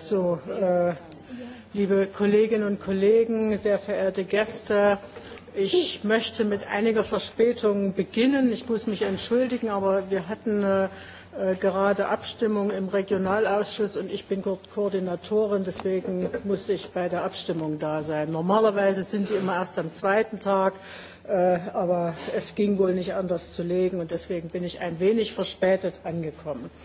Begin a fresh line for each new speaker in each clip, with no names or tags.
So, äh, liebe Kolleginnen und Kollegen, sehr verehrte Gäste, ich möchte mit einiger Verspätung beginnen. Ich muss mich entschuldigen, aber wir hatten äh, äh, gerade Abstimmung im Regionalausschuss und ich bin Ko Koordinatorin, deswegen muss ich bei der Abstimmung da sein. Normalerweise sind die immer erst am zweiten Tag, äh, aber es ging wohl nicht anders zu legen und deswegen bin ich ein wenig verspätet angekommen. Äh,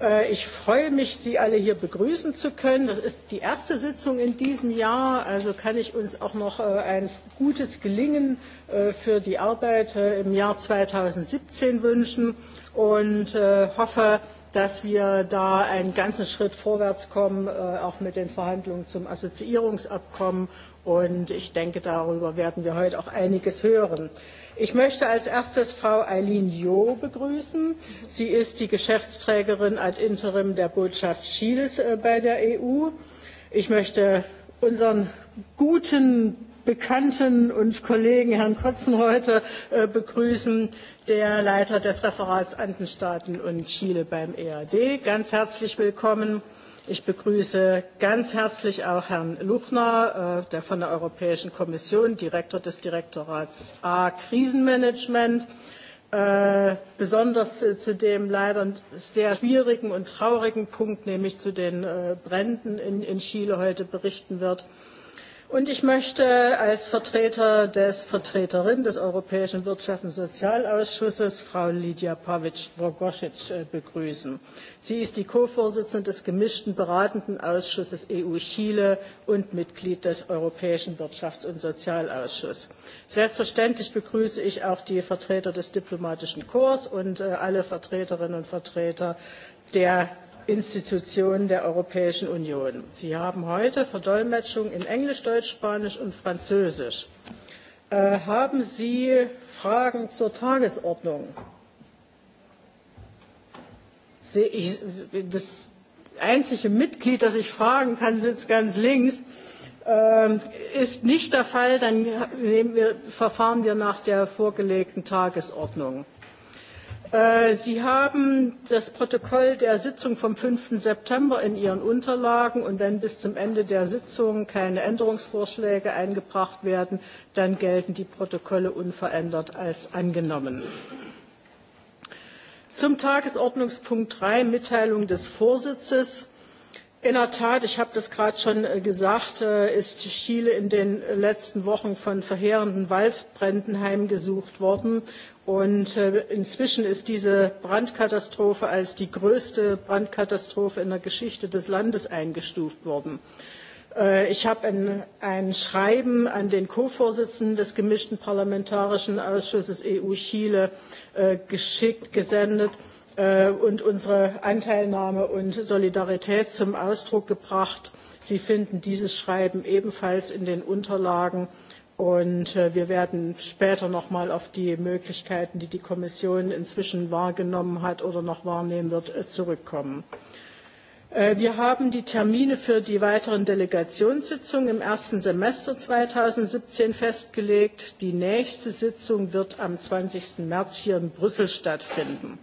Äh, ich freue mich, Sie alle hier begrüßen zu können. Das ist die erste Sitzung in diesem Jahr, also kann ich uns auch noch äh, ein gutes Gelingen äh, für die Arbeit im Jahr 2017 wünschen und hoffe, dass wir da einen ganzen Schritt vorwärts kommen, auch mit den Verhandlungen zum Assoziierungsabkommen. Und ich denke, darüber werden wir heute auch einiges hören. Ich möchte als erstes Frau Eileen Jo begrüßen. Sie ist die Geschäftsträgerin ad interim der Botschaft Chiles äh, bei der EU. Ich möchte unseren guten Bekannten und Kollegen Herrn Kotzen heute äh, begrüßen, der Leiter des Referats Andenstaaten und Chile beim EAD. Ganz herzlich willkommen. Ich begrüße ganz herzlich auch Herrn Luchner, äh, der von der Europäischen Kommission, Direktor des Direktorats A Krisenmanagement, äh, besonders äh, zu dem leider sehr schwierigen und traurigen Punkt, nämlich zu den Bränden in Chile heute berichten wird. Und ich möchte als Vertreter des Vertreterin des Europäischen Wirtschafts- und Sozialausschusses Frau Lidia Pavic-Rogosic äh, begrüßen. Sie ist die Co-Vorsitzende des gemischten beratenden Ausschusses EU-Chile und Mitglied des Europäischen Wirtschafts- und Sozialausschusses. Selbstverständlich begrüße ich auch die Vertreter des diplomatischen Korps und äh, alle Vertreterinnen und Vertreter der Institutionen der Europäischen Union. Sie haben heute Verdolmetschung in Englisch, Deutsch, Spanisch und Französisch. Äh, haben Sie Fragen zur Tagesordnung? Sehe ich, das einzige Mitglied, das ich fragen kann, sitzt ganz links. Ähm, ist nicht der Fall, dann nehmen wir, verfahren wir nach der vorgelegten Tagesordnung. Äh, Sie haben das Protokoll der Sitzung vom 5. September in Ihren Unterlagen und wenn bis zum Ende der Sitzung keine Änderungsvorschläge eingebracht werden, dann gelten die Protokolle unverändert als angenommen. Zum Tagesordnungspunkt 3, Mitteilung des Vorsitzes. In der Tat, ich habe das gerade schon äh, gesagt, äh, ist Chile in den letzten Wochen von verheerenden Waldbränden heimgesucht worden Und äh, inzwischen ist diese Brandkatastrophe als die größte Brandkatastrophe in der Geschichte des Landes eingestuft worden. Äh, ich habe ein, ein Schreiben an den Co-Vorsitzenden des gemischten parlamentarischen Ausschusses EU-Chile äh, geschickt, gesendet äh, und unsere Anteilnahme und Solidarität zum Ausdruck gebracht. Sie finden dieses Schreiben ebenfalls in den Unterlagen Und äh, wir werden später nochmal auf die Möglichkeiten, die die Kommission inzwischen wahrgenommen hat oder noch wahrnehmen wird, äh, zurückkommen. Äh, wir haben die Termine für die weiteren Delegationssitzungen im ersten Semester 2017 festgelegt. Die nächste Sitzung wird am 20. März hier in Brüssel stattfinden.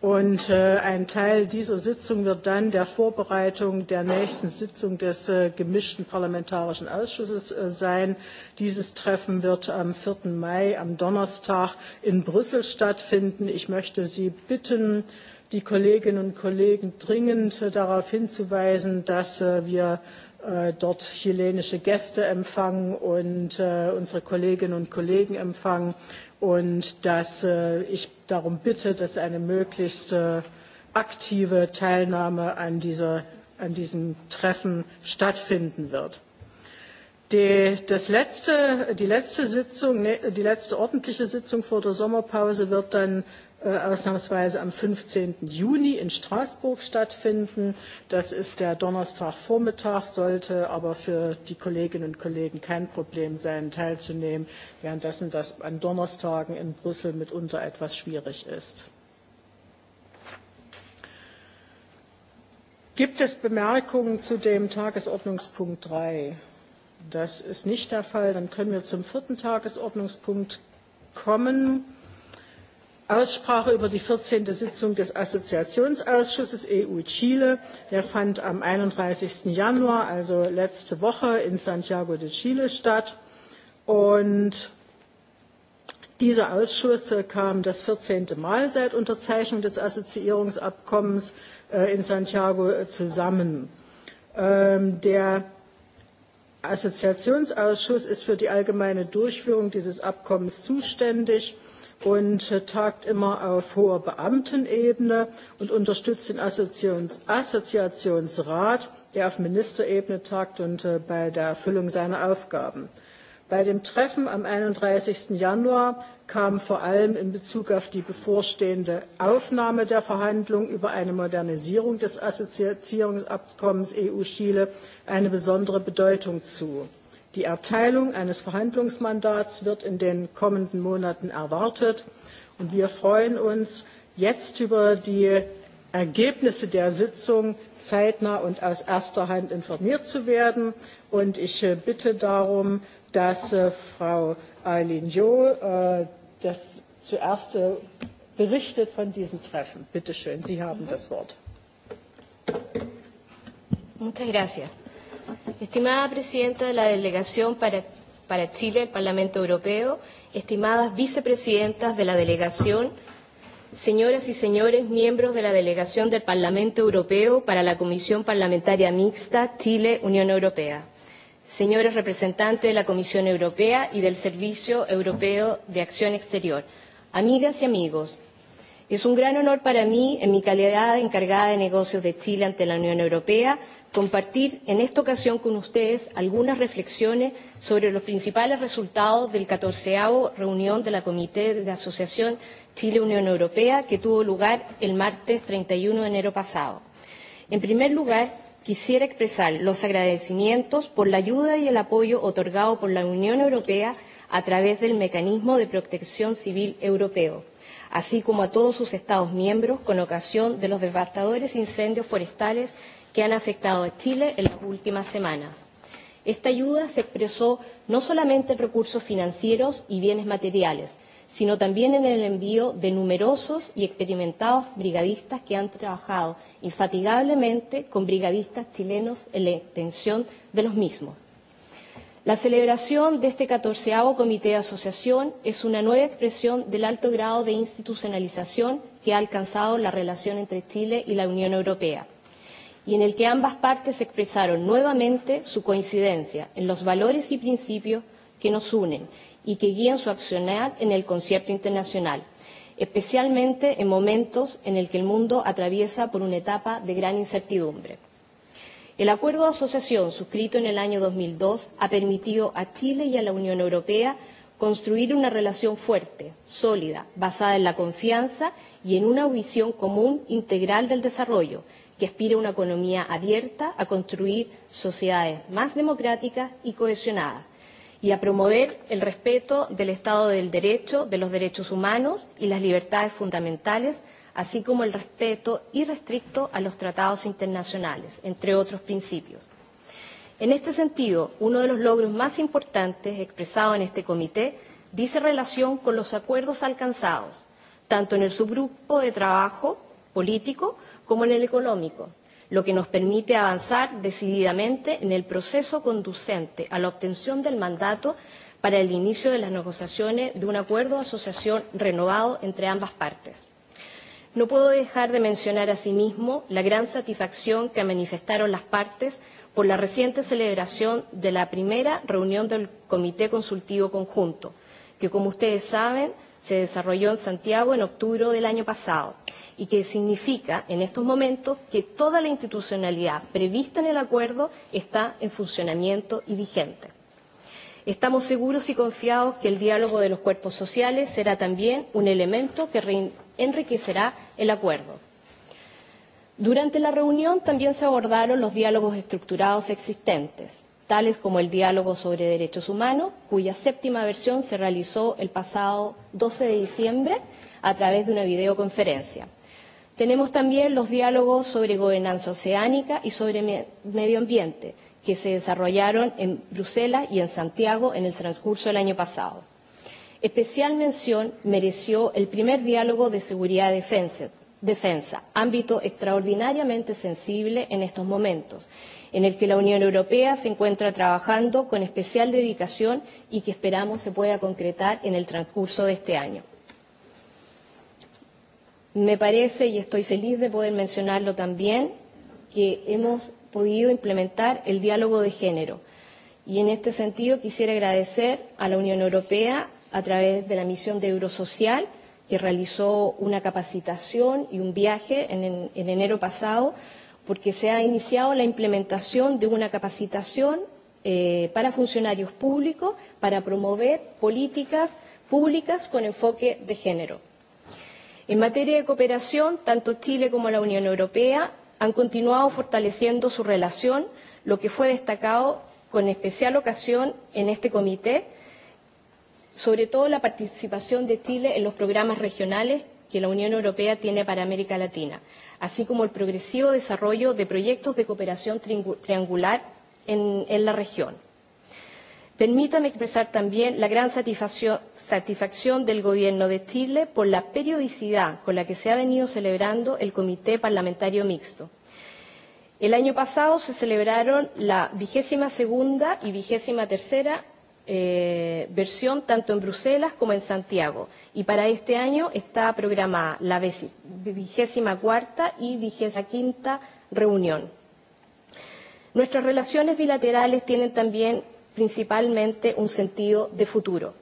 Und äh, ein Teil dieser Sitzung wird dann der Vorbereitung der nächsten Sitzung des äh, gemischten parlamentarischen Ausschusses äh, sein. Dieses Treffen wird am 4. Mai, am Donnerstag in Brüssel stattfinden. Ich möchte Sie bitten, die Kolleginnen und Kollegen dringend äh, darauf hinzuweisen, dass äh, wir Äh, dort chilenische Gäste empfangen und äh, unsere Kolleginnen und Kollegen empfangen und dass äh, ich darum bitte, dass eine möglichst äh, aktive Teilnahme an, dieser, an diesen Treffen stattfinden wird. Die, das letzte, die, letzte Sitzung, die letzte ordentliche Sitzung vor der Sommerpause wird dann Äh, ausnahmsweise am 15. Juni in Straßburg stattfinden. Das ist der Donnerstagvormittag, sollte aber für die Kolleginnen und Kollegen kein Problem sein, teilzunehmen, währenddessen das an Donnerstagen in Brüssel mitunter etwas schwierig ist. Gibt es Bemerkungen zu dem Tagesordnungspunkt 3? Das ist nicht der Fall. Dann können wir zum vierten Tagesordnungspunkt kommen. Aussprache über die 14. Sitzung des Assoziationsausschusses EU-Chile. Der fand am 31. Januar, also letzte Woche, in Santiago de Chile statt. Und dieser Ausschuss äh, kam das 14. Mal seit Unterzeichnung des Assoziierungsabkommens äh, in Santiago äh, zusammen. Ähm, der Assoziationsausschuss ist für die allgemeine Durchführung dieses Abkommens zuständig und äh, tagt immer auf hoher Beamtenebene und unterstützt den Assoziations Assoziationsrat, der auf Ministerebene tagt und äh, bei der Erfüllung seiner Aufgaben. Bei dem Treffen am 31. Januar kam vor allem in Bezug auf die bevorstehende Aufnahme der Verhandlungen über eine Modernisierung des Assoziierungsabkommens EU-Chile eine besondere Bedeutung zu. Die Erteilung eines Verhandlungsmandats wird in den kommenden Monaten erwartet. Und wir freuen uns jetzt über die Ergebnisse der Sitzung zeitnah und aus erster Hand informiert zu werden. Und ich äh, bitte darum, dass äh, Frau Eileen Jo äh, das zuerst berichtet von diesem Treffen. Bitte schön, Sie haben das Wort.
Muchas gracias. Estimada Presidenta de la Delegación para, para Chile del Parlamento Europeo, estimadas vicepresidentas de la Delegación, señoras y señores miembros de la Delegación del Parlamento Europeo para la Comisión Parlamentaria Mixta Chile-Unión Europea, señores representantes de la Comisión Europea y del Servicio Europeo de Acción Exterior, amigas y amigos, Es un gran honor para mí, en mi calidad de encargada de negocios de Chile ante la Unión Europea, compartir en esta ocasión con ustedes algunas reflexiones sobre los principales resultados del 14 reunión de la Comité de Asociación Chile-Unión Europea que tuvo lugar el martes 31 de enero pasado. En primer lugar, quisiera expresar los agradecimientos por la ayuda y el apoyo otorgado por la Unión Europea a través del Mecanismo de Protección Civil Europeo, así como a todos sus Estados miembros con ocasión de los devastadores incendios forestales que han afectado a Chile en las últimas semanas. Esta ayuda se expresó no solamente en recursos financieros y bienes materiales, sino también en el envío de numerosos y experimentados brigadistas que han trabajado infatigablemente con brigadistas chilenos en la extensión de los mismos. La celebración de este catorceavo comité de asociación es una nueva expresión del alto grado de institucionalización que ha alcanzado la relación entre Chile y la Unión Europea y en el que ambas partes expresaron nuevamente su coincidencia en los valores y principios que nos unen y que guían su accionar en el concierto internacional, especialmente en momentos en el que el mundo atraviesa por una etapa de gran incertidumbre. El acuerdo de asociación suscrito en el año 2002 ha permitido a Chile y a la Unión Europea construir una relación fuerte, sólida, basada en la confianza y en una visión común integral del desarrollo, que aspira a una economía abierta, a construir sociedades más democráticas y cohesionadas y a promover el respeto del Estado del Derecho, de los derechos humanos y las libertades fundamentales, así como el respeto irrestricto a los tratados internacionales, entre otros principios. En este sentido, uno de los logros más importantes expresado en este comité dice relación con los acuerdos alcanzados, tanto en el subgrupo de trabajo político como en el económico, lo que nos permite avanzar decididamente en el proceso conducente a la obtención del mandato para el inicio de las negociaciones de un acuerdo de asociación renovado entre ambas partes. No puedo dejar de mencionar asimismo la gran satisfacción que manifestaron las partes por la reciente celebración de la primera reunión del Comité Consultivo Conjunto, que como ustedes saben se desarrolló en Santiago en octubre del año pasado y que significa en estos momentos que toda la institucionalidad prevista en el acuerdo está en funcionamiento y vigente. Estamos seguros y confiados que el diálogo de los cuerpos sociales será también un elemento que enriquecerá el acuerdo. Durante la reunión también se abordaron los diálogos estructurados existentes tales como el diálogo sobre derechos humanos, cuya séptima versión se realizó el pasado 12 de diciembre a través de una videoconferencia. Tenemos también los diálogos sobre gobernanza oceánica y sobre medio ambiente, que se desarrollaron en Bruselas y en Santiago en el transcurso del año pasado. Especial mención mereció el primer diálogo de seguridad y defensa, defensa, ámbito extraordinariamente sensible en estos momentos, en el que la Unión Europea se encuentra trabajando con especial dedicación y que esperamos se pueda concretar en el transcurso de este año. Me parece, y estoy feliz de poder mencionarlo también, que hemos podido implementar el diálogo de género. Y en este sentido quisiera agradecer a la Unión Europea, a través de la misión de Eurosocial, que realizó una capacitación y un viaje en, en, en enero pasado, porque se ha iniciado la implementación de una capacitación eh, para funcionarios públicos para promover políticas públicas con enfoque de género. En materia de cooperación, tanto Chile como la Unión Europea han continuado fortaleciendo su relación, lo que fue destacado con especial ocasión en este comité sobre todo la participación de Chile en los programas regionales que la Unión Europea tiene para América Latina, así como el progresivo desarrollo de proyectos de cooperación triangular en, en la región. Permítame expresar también la gran satisfacción, satisfacción del Gobierno de Chile por la periodicidad con la que se ha venido celebrando el Comité Parlamentario Mixto. El año pasado se celebraron la vigésima segunda y vigésima tercera eh, versión tanto en Bruselas como en Santiago. Y para este año está programada la vigésima cuarta y vigésima quinta reunión. Nuestras relaciones bilaterales tienen también principalmente un sentido de futuro,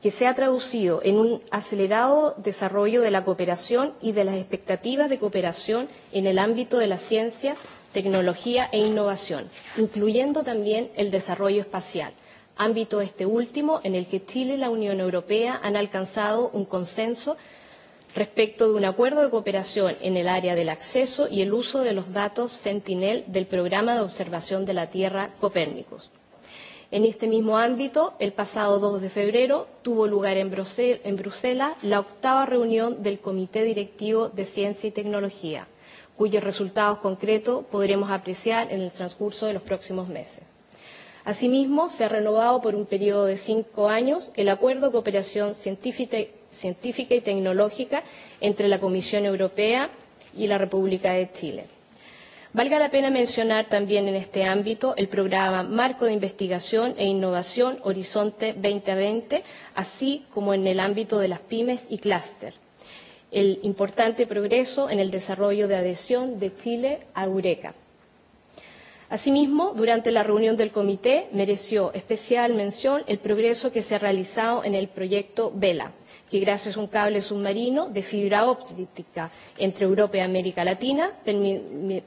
que se ha traducido en un acelerado desarrollo de la cooperación y de las expectativas de cooperación en el ámbito de la ciencia, tecnología e innovación, incluyendo también el desarrollo espacial ámbito este último en el que Chile y la Unión Europea han alcanzado un consenso respecto de un acuerdo de cooperación en el área del acceso y el uso de los datos Sentinel del Programa de Observación de la Tierra Copérnicus. En este mismo ámbito, el pasado 2 de febrero tuvo lugar en, Brusel en Bruselas la octava reunión del Comité Directivo de Ciencia y Tecnología, cuyos resultados concretos podremos apreciar en el transcurso de los próximos meses. Asimismo, se ha renovado por un periodo de cinco años el acuerdo de cooperación científica, científica y tecnológica entre la Comisión Europea y la República de Chile. Valga la pena mencionar también en este ámbito el programa Marco de Investigación e Innovación Horizonte 2020, así como en el ámbito de las pymes y clúster, el importante progreso en el desarrollo de adhesión de Chile a Eureka. Asimismo, durante la reunión del comité mereció especial mención el progreso que se ha realizado en el proyecto VELA, que gracias a un cable submarino de fibra óptica entre Europa y América Latina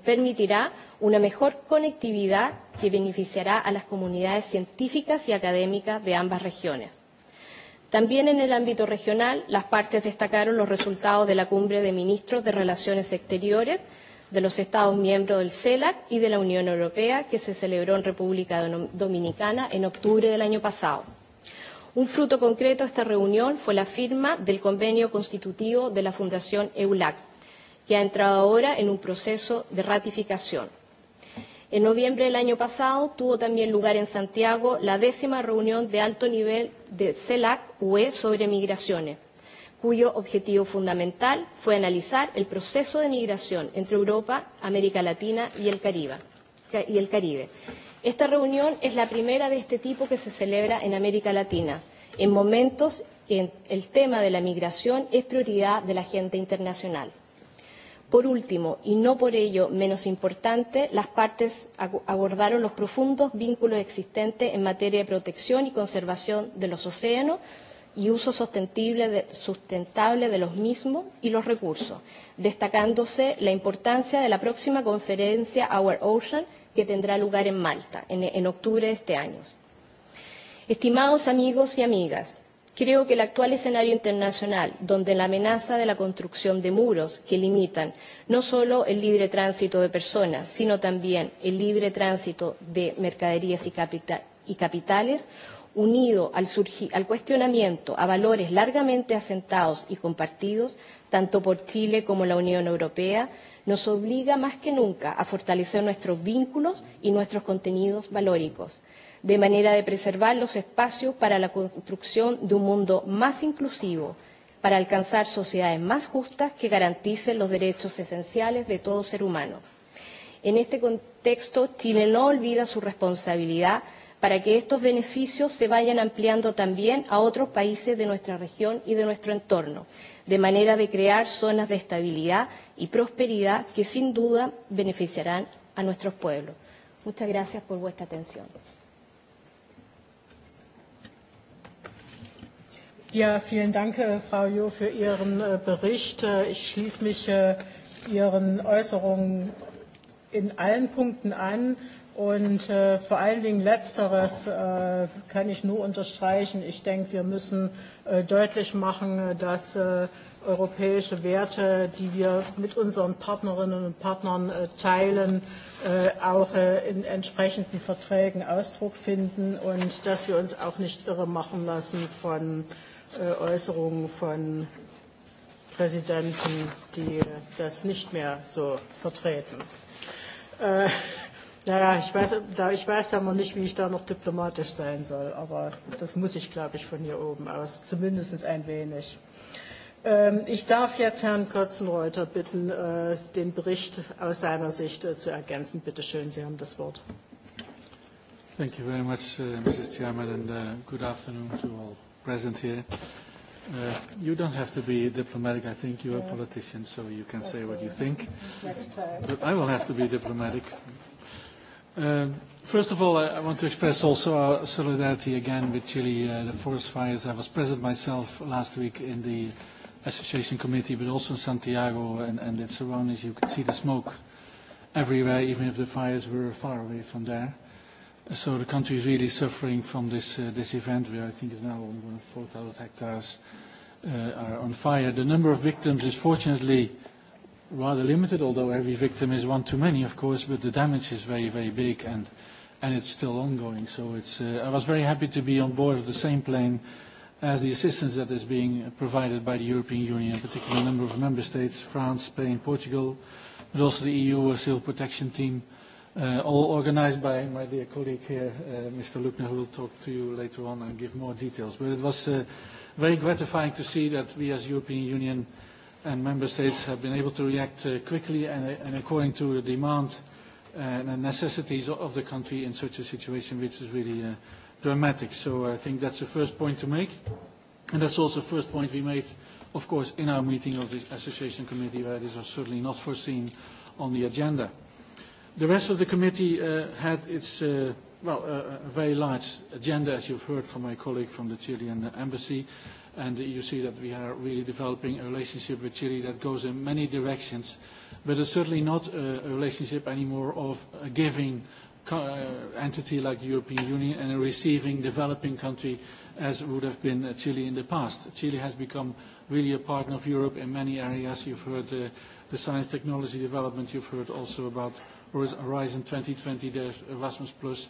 permitirá una mejor conectividad que beneficiará a las comunidades científicas y académicas de ambas regiones. También en el ámbito regional, las partes destacaron los resultados de la cumbre de ministros de Relaciones Exteriores de los Estados miembros del CELAC e y de la Unión Europea que se celebró en República Dominicana en octubre del año pasado. Un fruto concreto de esta reunión fue la firma del convenio constitutivo de la Fundación EULAC, que ha entrado ahora en un proceso de ratificación. En noviembre del año pasado tuvo también lugar en Santiago la décima reunión de alto nivel de CELAC-UE sobre migraciones cuyo objetivo fundamental fue analizar el proceso de migración entre Europa, América Latina y el Caribe. Y el Caribe. Esta reunión es la primera de este tipo que se celebra en América Latina, en momentos que el tema de la migración es prioridad de la agenda internacional. Por último, y no por ello menos importante, las partes abordaron los profundos vínculos existentes en materia de protección y conservación de los océanos, y uso sostenible de, sustentable de los mismos y los recursos, destacándose la importancia de la próxima conferencia Our Ocean que tendrá lugar en Malta en, en octubre de este año. Estimados amigos y amigas, creo que el actual escenario internacional, donde la amenaza de la construcción de muros que limitan no solo el libre tránsito de personas, sino también el libre tránsito de mercaderías y, capital, y capitales, unido al, al cuestionamiento a valores largamente asentados y compartidos, tanto por Chile como la Unión Europea, nos obliga más que nunca a fortalecer nuestros vínculos y nuestros contenidos valóricos, de manera de preservar los espacios para la construcción de un mundo más inclusivo, para alcanzar sociedades más justas que garanticen los derechos esenciales de todo ser humano. En este contexto, Chile no olvida su responsabilidad para que estos beneficios se vayan ampliando también a otros países de nuestra región y de nuestro entorno, de manera de crear zonas de estabilidad y prosperidad que sin duda beneficiarán a nuestros
pueblos. Muchas gracias por vuestra atención. Ja, vielen Dank, äh, Frau Jo, für Ihren äh, Bericht. Äh, ich schließe mich Ihren Äußerungen in allen Punkten an. Und äh, vor allen Dingen letzteres äh, kann ich nur unterstreichen. Ich denke, wir müssen äh, deutlich machen, äh, dass äh, europäische Werte, die wir mit unseren Partnerinnen und Partnern äh, teilen, äh, auch äh, in entsprechenden Verträgen Ausdruck finden und dass wir uns auch nicht irre machen lassen von äh, Äußerungen von Präsidenten, die das nicht mehr so vertreten. Äh, Naja, ich weiß, da ich weiß da noch nicht, wie ich da noch diplomatisch sein soll, aber das muss ich, glaube ich, von hier oben aus, zumindest ein wenig. Ähm, ich darf jetzt Herrn Kotzenreuter bitten, äh, den Bericht aus seiner Sicht äh, zu ergänzen. Bitte schön, Sie haben das Wort.
Thank you very much, uh, Mrs. Chairman, and uh, good afternoon to all present here. Uh, you don't have to be diplomatic. I think you're yeah. a politician, so you can say what you think. Next time. But I will have to be diplomatic. Uh, first of all, I, want to express also our solidarity again with Chile, uh, the forest fires. I was present myself last week in the association committee, but also in Santiago and, and its surroundings. You could see the smoke everywhere, even if the fires were far away from there. So the country is really suffering from this, uh, this event, where I think is now 4,000 hectares uh, are on fire. The number of victims is fortunately rather limited, although every victim is one too many, of course, but the damage is very, very big and, and it's still ongoing. So it's, uh, I was very happy to be on board of the same plane as the assistance that is being provided by the European Union, in particular a number of member states, France, Spain, Portugal, but also the EU Civil Protection Team, uh, all organized by my dear colleague here, uh, Mr. Luckner, who will talk to you later on and give more details. But it was uh, very gratifying to see that we as European Union and member states have been able to react uh, quickly and, uh, and according to the demand uh, and the necessities of the country in such a situation which is really uh, dramatic. So I think that's the first point to make. And that's also the first point we made, of course, in our meeting of the Association Committee, where this was certainly not foreseen on the agenda. The rest of the committee uh, had its, uh, well, uh, a very large agenda, as you've heard from my colleague from the Chilean Embassy and you see that we are really developing a relationship with Chile that goes in many directions, but it's certainly not a, a relationship anymore of a giving uh, entity like the European Union and a receiving developing country as would have been uh, Chile in the past. Chile has become really a partner of Europe in many areas. You've heard uh, the science technology development, you've heard also about Horizon 2020, the Erasmus+, Plus,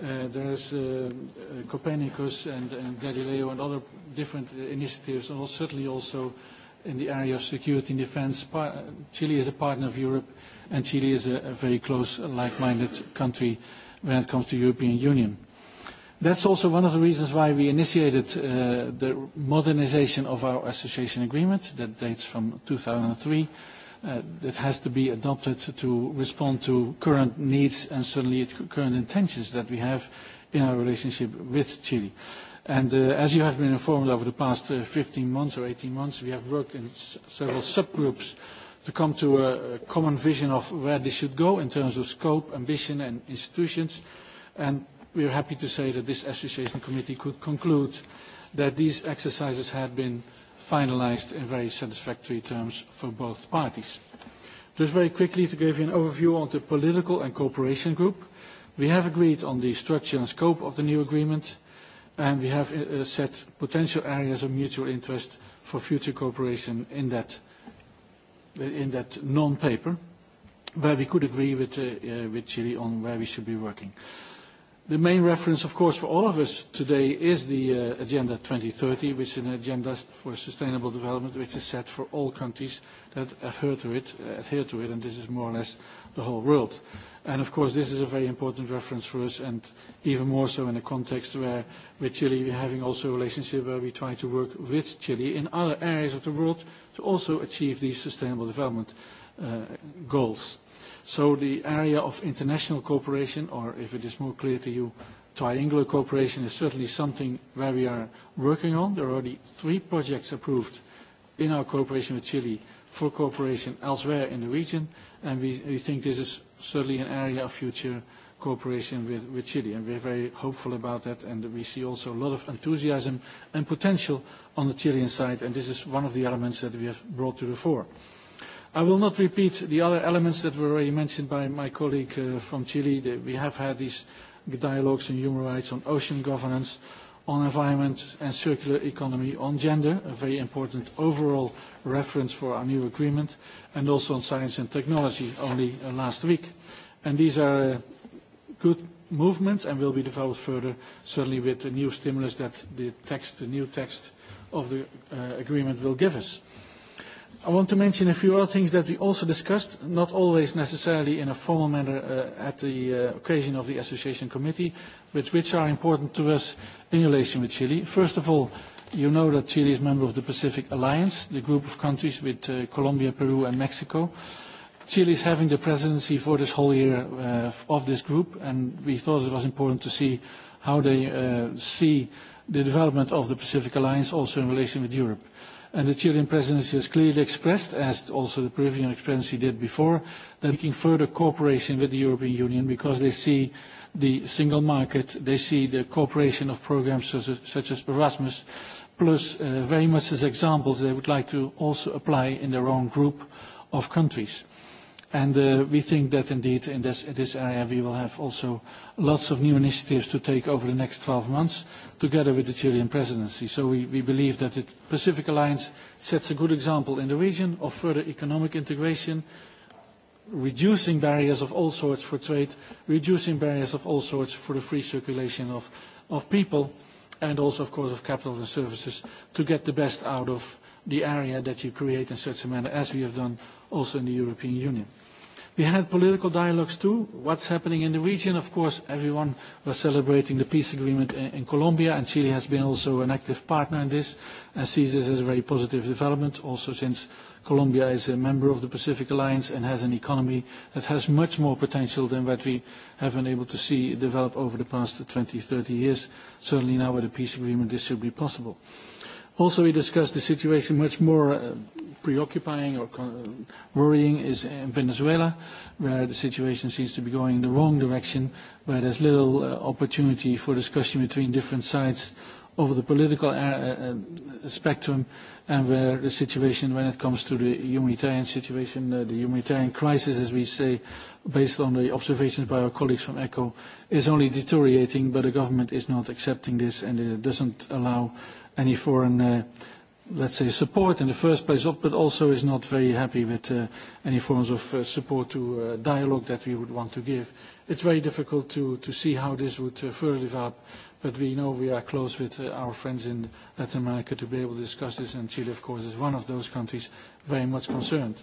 Uh, there's uh, uh, Copernicus and, and Galileo and other different initiatives, and also, certainly also in the area of security and defense. Par Chile is a partner of Europe, and Chile is a, a very close, like-minded country when it comes to European Union. That's also one of the reasons why we initiated uh, the modernization of our association agreement that dates from 2003 that uh, has to be adopted to respond to current needs and certainly current intentions that we have in our relationship with Chile. And uh, as you have been informed over the past uh, 15 months or 18 months, we have worked in s several subgroups to come to a, a common vision of where this should go in terms of scope, ambition and institutions. And we are happy to say that this association committee could conclude that these exercises had been finalized in very satisfactory terms for both parties. Just very quickly to give you an overview on the political and cooperation group. We have agreed on the structure and scope of the new agreement, and we have uh, uh set potential areas of mutual interest for future cooperation in that, uh, in that non-paper, where we could agree with, uh, uh, with Chile on where we should be working. The main reference, of course, for all of us today is the uh, Agenda 2030, which is an agenda for sustainable development, which is set for all countries that adhere to it, uh, adhere to it and this is more or less the whole world. And of course, this is a very important reference for us, and even more so in a context where with Chile we're having also a relationship where we try to work with Chile in other areas of the world to also achieve these sustainable development uh, goals. So the area of international cooperation, or if it is more clear to you, triangular cooperation is certainly something where we are working on. There are already three projects approved in our cooperation with Chile for cooperation elsewhere in the region, and we, we think this is certainly an area of future cooperation with, with Chile, and we're very hopeful about that, and we see also a lot of enthusiasm and potential on the Chilean side, and this is one of the elements that we have brought to the fore. I will not repeat the other elements that were already mentioned by my colleague uh, from Chile. We have had these dialogues on human rights, on ocean governance, on environment and circular economy, on gender, a very important overall reference for our new agreement, and also on science and technology only uh, last week. And these are uh, good movements and will be developed further, certainly with the new stimulus that the text, the new text of the uh, agreement will give us. I want to mention a few other things that we also discussed, not always necessarily in a formal manner uh, at the uh, occasion of the Association Committee, but which are important to us in relation with Chile. First of all, you know that Chile is a member of the Pacific Alliance, the group of countries with uh, Colombia, Peru and Mexico. Chile is having the presidency for this whole year uh, of this group, and we thought it was important to see how they uh, see the development of the Pacific Alliance also in relation with Europe. And the Chilean presidency has clearly expressed, as also the Peruvian presidency did before, that making further cooperation with the European Union because they see the single market, they see the cooperation of programs such as, such as Erasmus, plus uh, very much as examples they would like to also apply in their own group of countries. And uh, we think that indeed in this, in this area we will have also lots of new initiatives to take over the next 12 months together with the Chilean presidency. So we, believe that the Pacific Alliance sets a good example in the region of further economic integration, reducing barriers of all sorts for trade, reducing barriers of all sorts for the free circulation of people, and also, of course, of capital and services to get the best out of the area that you create in such a manner, as we have done also in the European Union. We had political dialogues too. What's happening in the region? Of course, everyone was celebrating the peace agreement in, in Colombia, and Chile has been also an active partner in this and sees this as a very positive development, also since Colombia is a member of the Pacific Alliance and has an economy that has much more potential than what we have been able to see develop over the past 20, 30 years. Certainly now with a peace agreement, this should be possible. Also, we discussed the situation much more uh, preoccupying or con worrying is in Venezuela, where the situation seems to be going in the wrong direction, where there's little uh, opportunity for discussion between different sides over the political uh, uh, spectrum, and where the situation when it comes to the humanitarian situation, uh, the humanitarian crisis, as we say, based on the observations by our colleagues from ECHO, is only deteriorating, but the government is not accepting this and it doesn't allow any foreign, uh, let's say, support in the first place, but also is not very happy with uh, any forms of uh, support to uh, dialogue that we would want to give. It's very difficult to, to see how this would uh, further develop, but we know we are close with uh, our friends in Latin America to be able to discuss this, and Chile, of course, is one of those countries very much concerned.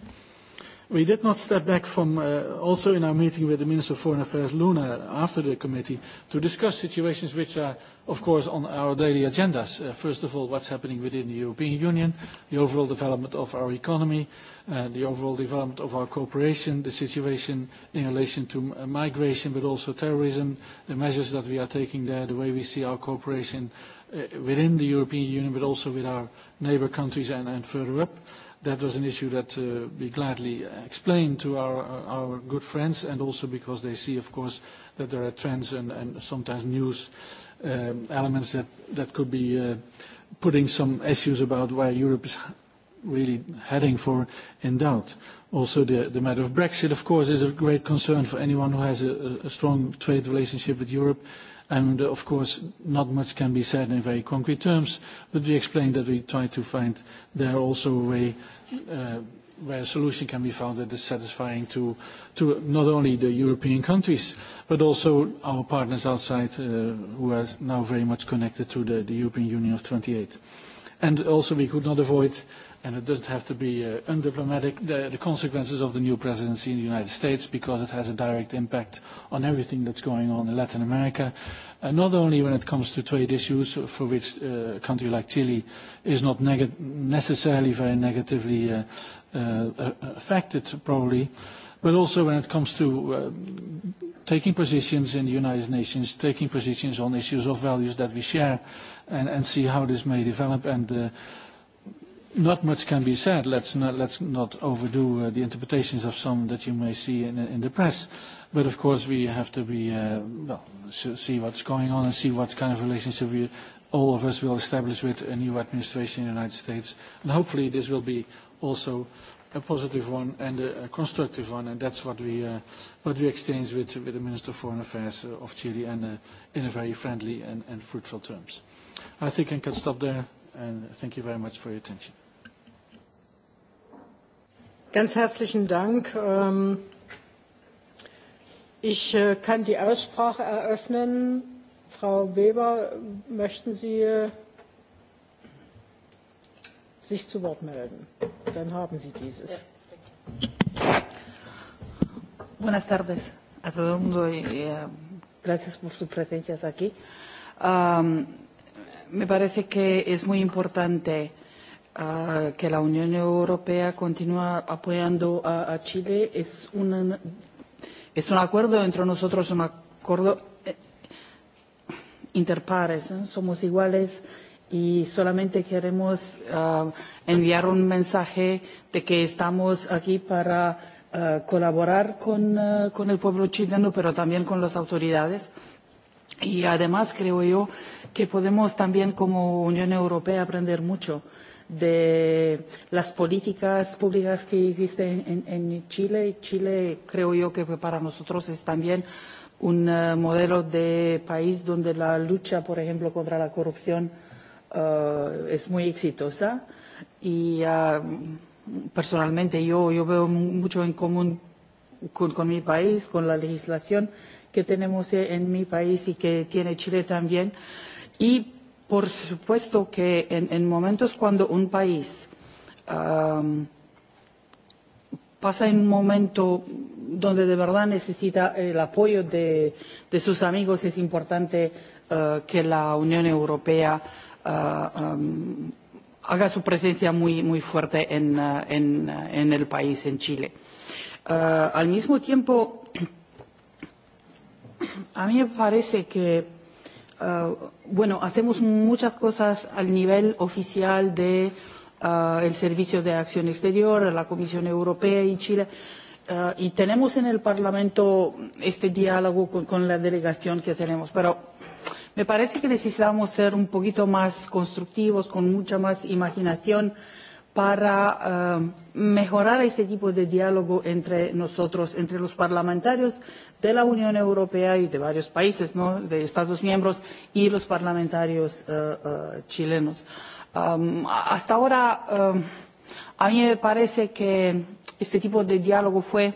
We did not step back from uh, also in our meeting with the Minister of Foreign Affairs, Luna, after the committee, to discuss situations which are of course, on our daily agendas. Uh, first of all, what's happening within the European Union, the overall development of our economy, uh, the overall development of our cooperation, the situation in relation to uh, migration, but also terrorism, the measures that we are taking there, the way we see our cooperation uh, within the European Union, but also with our neighbor countries and, and further up. That was an issue that uh, we gladly explained to our, uh, our good friends, and also because they see, of course, that there are trends and, and sometimes news uh, um, elements that, that could be uh, putting some issues about where Europe is really heading for in doubt. Also, the, the matter of Brexit, of course, is of great concern for anyone who has a, a strong trade relationship with Europe. And, uh, of course, not much can be said in very concrete terms, but we explained that we try to find there also a way uh, where a solution can be found that is satisfying to, to not only the European countries, but also our partners outside uh, who are now very much connected to the, the European Union of 28. And also we could not avoid, and it doesn't have to be uh, undiplomatic, the, the consequences of the new presidency in the United States because it has a direct impact on everything that's going on in Latin America, uh, not only when it comes to trade issues for which uh, a country like Chile is not neg necessarily very negatively uh, Uh, uh, affected probably, but also when it comes to uh, taking positions in the United Nations, taking positions on issues of values that we share, and, and see how this may develop. And uh, not much can be said. Let's not, let's not overdo uh, the interpretations of some that you may see in, in the press. But of course, we have to be uh, well, see what's going on and see what kind of relationship we all of us will establish with a new administration in the United States. And hopefully, this will be also a positive one and a, a constructive one, and that's what we, uh, what we exchanged with, with the Minister of Foreign Affairs uh, of Chile and uh, in a very friendly and, and fruitful terms. I think I can stop there, and thank you very much for your attention.
Ganz herzlichen Dank. Ähm, ich äh, kann die Aussprache eröffnen. Frau Weber, möchten Sie äh, sich zu Wort melden? Dann haben Sie
dieses. Buenas tardes a todo el mundo y uh, eh, gracias por sus presencias aquí. Um, me parece que es muy importante uh, que la Unión Europea continúe apoyando a, a Chile. Es un, es un acuerdo entre nosotros, un acuerdo eh, interpares. ¿eh? Somos iguales y solamente queremos uh, enviar un mensaje de que estamos aquí para uh, colaborar con, uh, con el pueblo chileno, pero también con las autoridades. Y además creo yo que podemos también como Unión Europea aprender mucho de las políticas públicas que existen en, en Chile. Chile creo yo que para nosotros es también un uh, modelo de país donde la lucha, por ejemplo, contra la corrupción uh, uh, es muy exitosa y uh, personalmente yo, yo veo mucho en común con, con mi país, con la legislación que tenemos e-, en mi país y que tiene Chile también. Y por supuesto que en, en momentos cuando un país um, pasa en un momento donde de verdad necesita el apoyo de, de sus amigos, es importante uh, que la Unión Europea uh, Eh, haga su presencia muy, muy fuerte en, eh, en, eh, en el país, en Chile. Uh, al mismo tiempo, a mí me parece que, uh, bueno, hacemos muchas cosas al nivel oficial de uh, el Servicio de Acción Exterior, la Comisión Europea y Chile. Uh, y tenemos en el Parlamento este diálogo con, con la delegación que tenemos, pero Me parece que necesitamos ser un poquito más constructivos, con mucha más imaginación para uh, mejorar ese tipo de diálogo entre nosotros, entre los parlamentarios de la Unión Europea y de varios países, ¿no? de Estados miembros y los parlamentarios uh, uh, chilenos. Um, hasta ahora, um, a mí me parece que este tipo de diálogo fue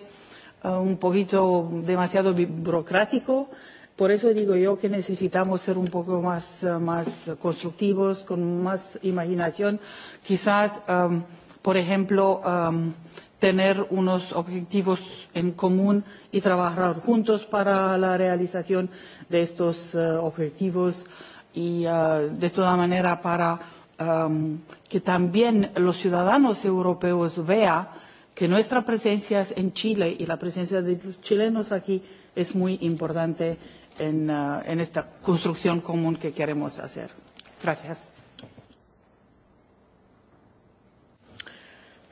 uh, un poquito demasiado burocrático, Bi Por eso digo yo que necesitamos ser un poco más, eh, más constructivos, con más imaginación. Quizás, um, por ejemplo, um, tener unos objetivos en común y trabajar juntos para la realización de estos uh, objetivos y uh, de toda manera para um, que también los ciudadanos europeos vean que nuestra presencia en Chile y la presencia de los chilenos aquí es muy importante en, uh, en esta construcción común que queremos hacer. Gracias.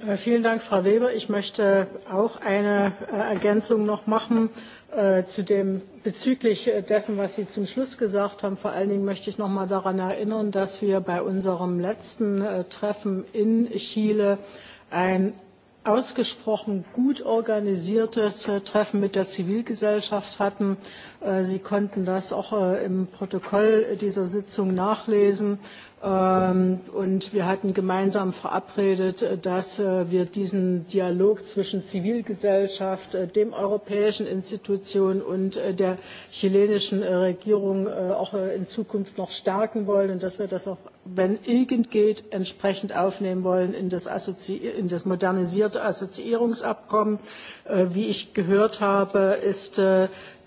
Äh, vielen Dank, Frau Weber. Ich möchte auch eine äh, Ergänzung noch machen äh, zu dem bezüglich äh, dessen, was Sie zum Schluss gesagt haben. Vor allen Dingen möchte ich noch mal daran erinnern, dass wir bei unserem letzten äh, Treffen in Chile ein ausgesprochen gut organisiertes äh, Treffen mit der Zivilgesellschaft hatten. Äh, Sie konnten das auch äh, im Protokoll dieser Sitzung nachlesen. Ähm, und wir hatten gemeinsam verabredet, äh, dass äh, wir diesen Dialog zwischen Zivilgesellschaft, äh, dem europäischen Institution und der chilenischen Regierung auch in Zukunft noch stärken wollen und dass wir das auch, wenn irgend geht, entsprechend aufnehmen wollen in das, Assozi in das modernisierte Assoziierungsabkommen. Wie ich gehört habe, ist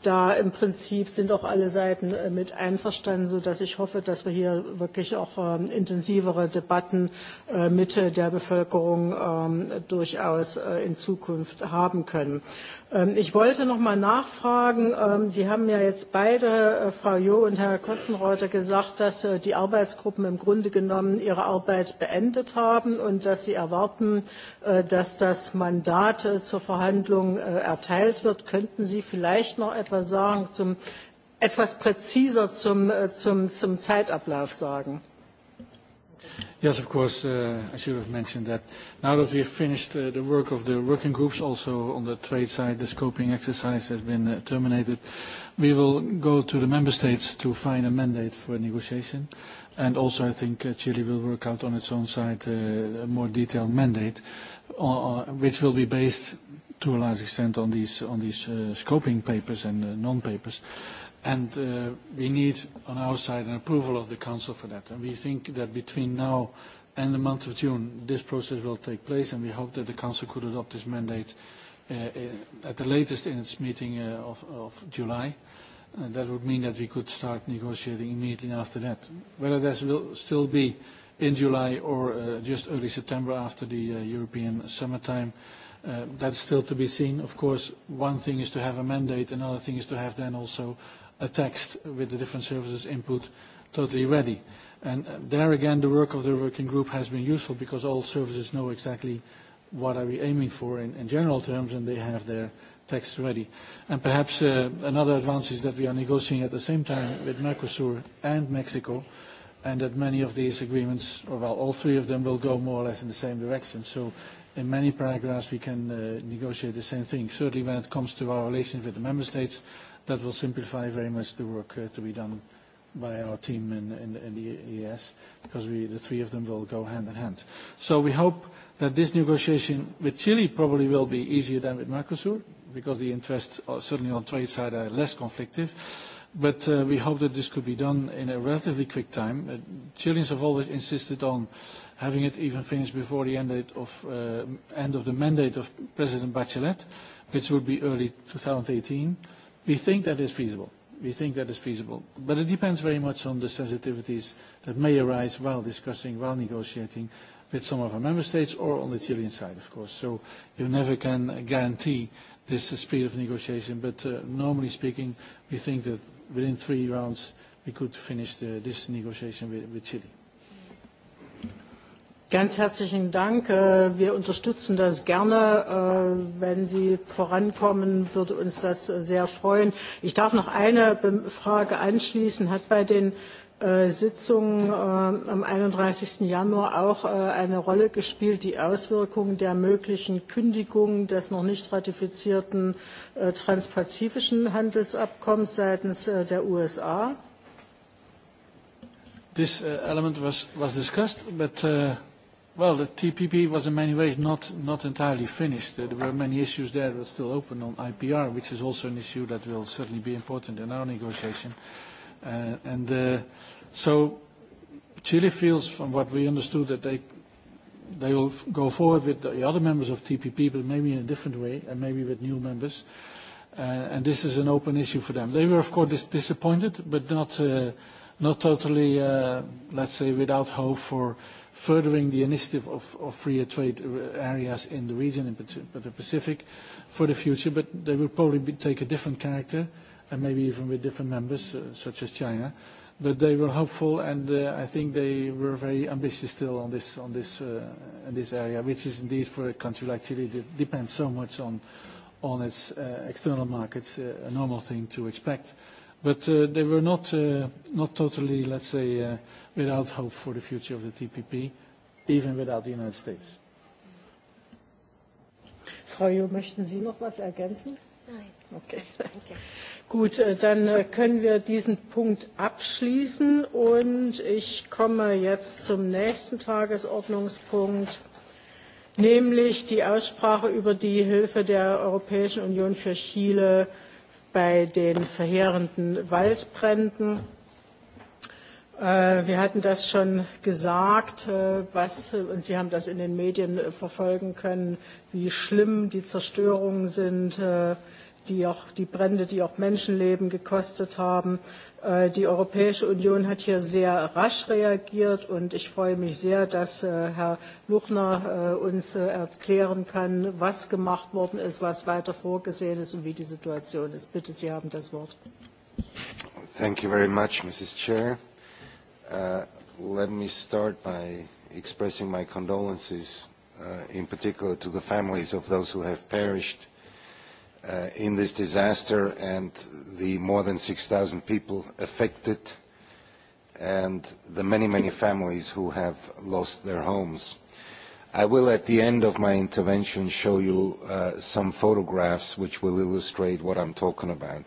da im Prinzip sind auch alle Seiten äh, mit einverstanden, sodass ich hoffe, dass wir hier wirklich auch ähm, intensivere Debatten äh, mit der Bevölkerung ähm, durchaus äh, in Zukunft haben können. Ähm, ich wollte noch mal nachfragen. Sie haben ja jetzt beide, Frau Jo und Herr Kotzenreuter, gesagt, dass die Arbeitsgruppen im Grunde genommen ihre Arbeit beendet haben und dass sie erwarten, dass das Mandat zur Verhandlung erteilt wird. Könnten Sie vielleicht noch etwas etwa sagen, zum, etwas präziser zum, äh, zum, zum Zeitablauf sagen?
Yes, of course, uh, I should have mentioned that. Now that we have finished uh, the work of the working groups, also on the trade side, the scoping exercise has been uh, terminated. We will go to the member states to find a mandate for a negotiation. And also, I think uh, Chile will work out on its own side uh, a more detailed mandate, uh, uh which will be based to a large extent on these, on these uh, scoping papers and uh, non-papers. And uh, we need, on our side, an approval of the Council for that. And we think that between now and the month of June, this process will take place, and we hope that the Council could adopt this mandate uh, uh at the latest in its meeting uh, of, of July. Uh, that would mean that we could start negotiating immediately after that. Whether that will still be in July or uh, just early September after the uh, European summertime, time, Uh, that's still to be seen. Of course, one thing is to have a mandate, another thing is to have then also a text with the different services input totally ready. And uh, there again, the work of the working group has been useful because all services know exactly what are we aiming for in, in general terms, and they have their text ready. And perhaps uh, another advance is that we are negotiating at the same time with Mercosur and Mexico and that many of these agreements, or well, all three of them will go more or less in the same direction. So in many paragraphs we can uh, negotiate the same thing. Certainly when it comes to our relations with the member states, that will simplify very much the work uh, to be done by our team in, in, in the EES, because we, the three of them will go hand in hand. So we hope that this negotiation with Chile probably will be easier than with Mercosur, because the interests, uh, certainly on trade side, are less conflictive but uh, we hope that this could be done in a relatively quick time. Uh, Chileans have always insisted on having it even finished before the end of, uh, end of the mandate of President Bachelet, which would be early 2018. We think that is feasible. We think that is feasible. But it depends very much on the sensitivities that may arise while discussing, while negotiating with some of our member states or on the Chilean side, of course. So you never can guarantee this speed of negotiation, but uh, normally speaking, we think that within three rounds we could finish the, this negotiation with, with Chile.
Ganz herzlichen Dank. Äh, wir unterstützen das gerne. Äh, wenn Sie vorankommen, würde uns das äh, sehr freuen. Ich darf noch eine Frage anschließen. Hat bei den Äh, Sitzung äh, am 31. Januar auch äh, eine Rolle gespielt, die Auswirkungen der möglichen Kündigung des noch nicht ratifizierten äh, transpazifischen Handelsabkommens seitens äh, der USA?
This uh, element was, was discussed, but uh, well, the TPP was in many ways not, not entirely finished. Uh, there were many issues there that were still open on IPR, which is also an issue that will certainly be important in our negotiation. Uh, Uh, and uh, so Chile feels, from what we understood, that they they will go forward with the other members of TPP, but maybe in a different way, and maybe with new members. Uh, and this is an open issue for them. They were, of course, dis disappointed, but not, uh, not totally, uh, let's say, without hope for furthering the initiative of, of freer trade areas in the region, in the Pacific, for the future. But they will probably be, take a different character and maybe even with different members, uh, such as China. But they were hopeful, and uh, I think they were very ambitious still on this on this uh, in this area, which is indeed for a country like Chile that depends so much on on its uh, external markets, uh, a normal thing to expect. But uh, they were not uh, not totally, let's say, uh, without hope for the future of the TPP, even without the United States.
Frau Jo, möchten Sie noch was ergänzen? Nein. Okay. Danke. Gut, äh, dann äh, können wir diesen Punkt abschließen und ich komme jetzt zum nächsten Tagesordnungspunkt, nämlich die Aussprache über die Hilfe der Europäischen Union für Chile bei den verheerenden Waldbränden. Äh, wir hatten das schon gesagt, was, und Sie haben das in den Medien verfolgen können, wie schlimm die Zerstörungen sind, die auch die Brände, die auch Menschenleben gekostet haben. Äh, die Europäische Union hat hier sehr rasch reagiert und ich freue mich sehr, dass äh, Herr Luchner äh, uns erklären kann, was gemacht worden ist, was weiter vorgesehen ist und wie die Situation ist. Bitte, Sie haben das Wort.
Thank you very much, Mrs. Chair. Uh, let me start by expressing my condolences, uh, in particular to the families of those who have perished uh, in this disaster and the more than 6,000 people affected and the many, many families who have lost their homes. I will, at the end of my intervention, show you uh, some photographs which will illustrate what I'm talking about.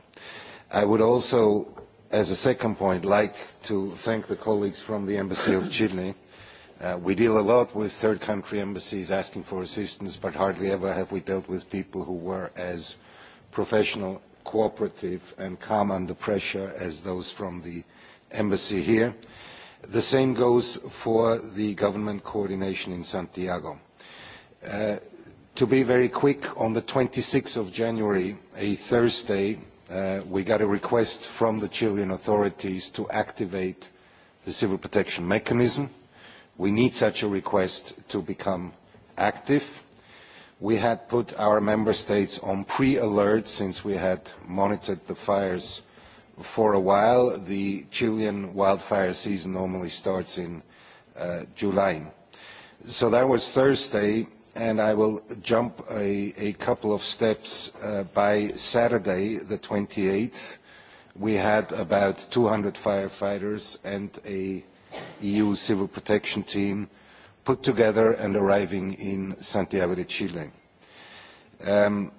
I would also, as a second point, like to thank the colleagues from the Embassy of Chile. Uh, we deal a lot with third country embassies asking for assistance, but hardly ever have we dealt with people who were as professional, cooperative and calm under pressure as those from the embassy here. The same goes for the government coordination in Santiago. Uh, to be very quick, on the 26th of January, a Thursday, uh, we got a request from the Chilean authorities to activate the civil protection mechanism. We need such a request to become active. We had put our member states on pre-alert since we had monitored the fires for a while. The Chilean wildfire season normally starts in uh, July. So that was Thursday, and I will jump a, a couple of steps. Uh, by Saturday, the 28th, we had about 200 firefighters and a EU civil protection team – put together and arriving in Santiago de Chile. Um,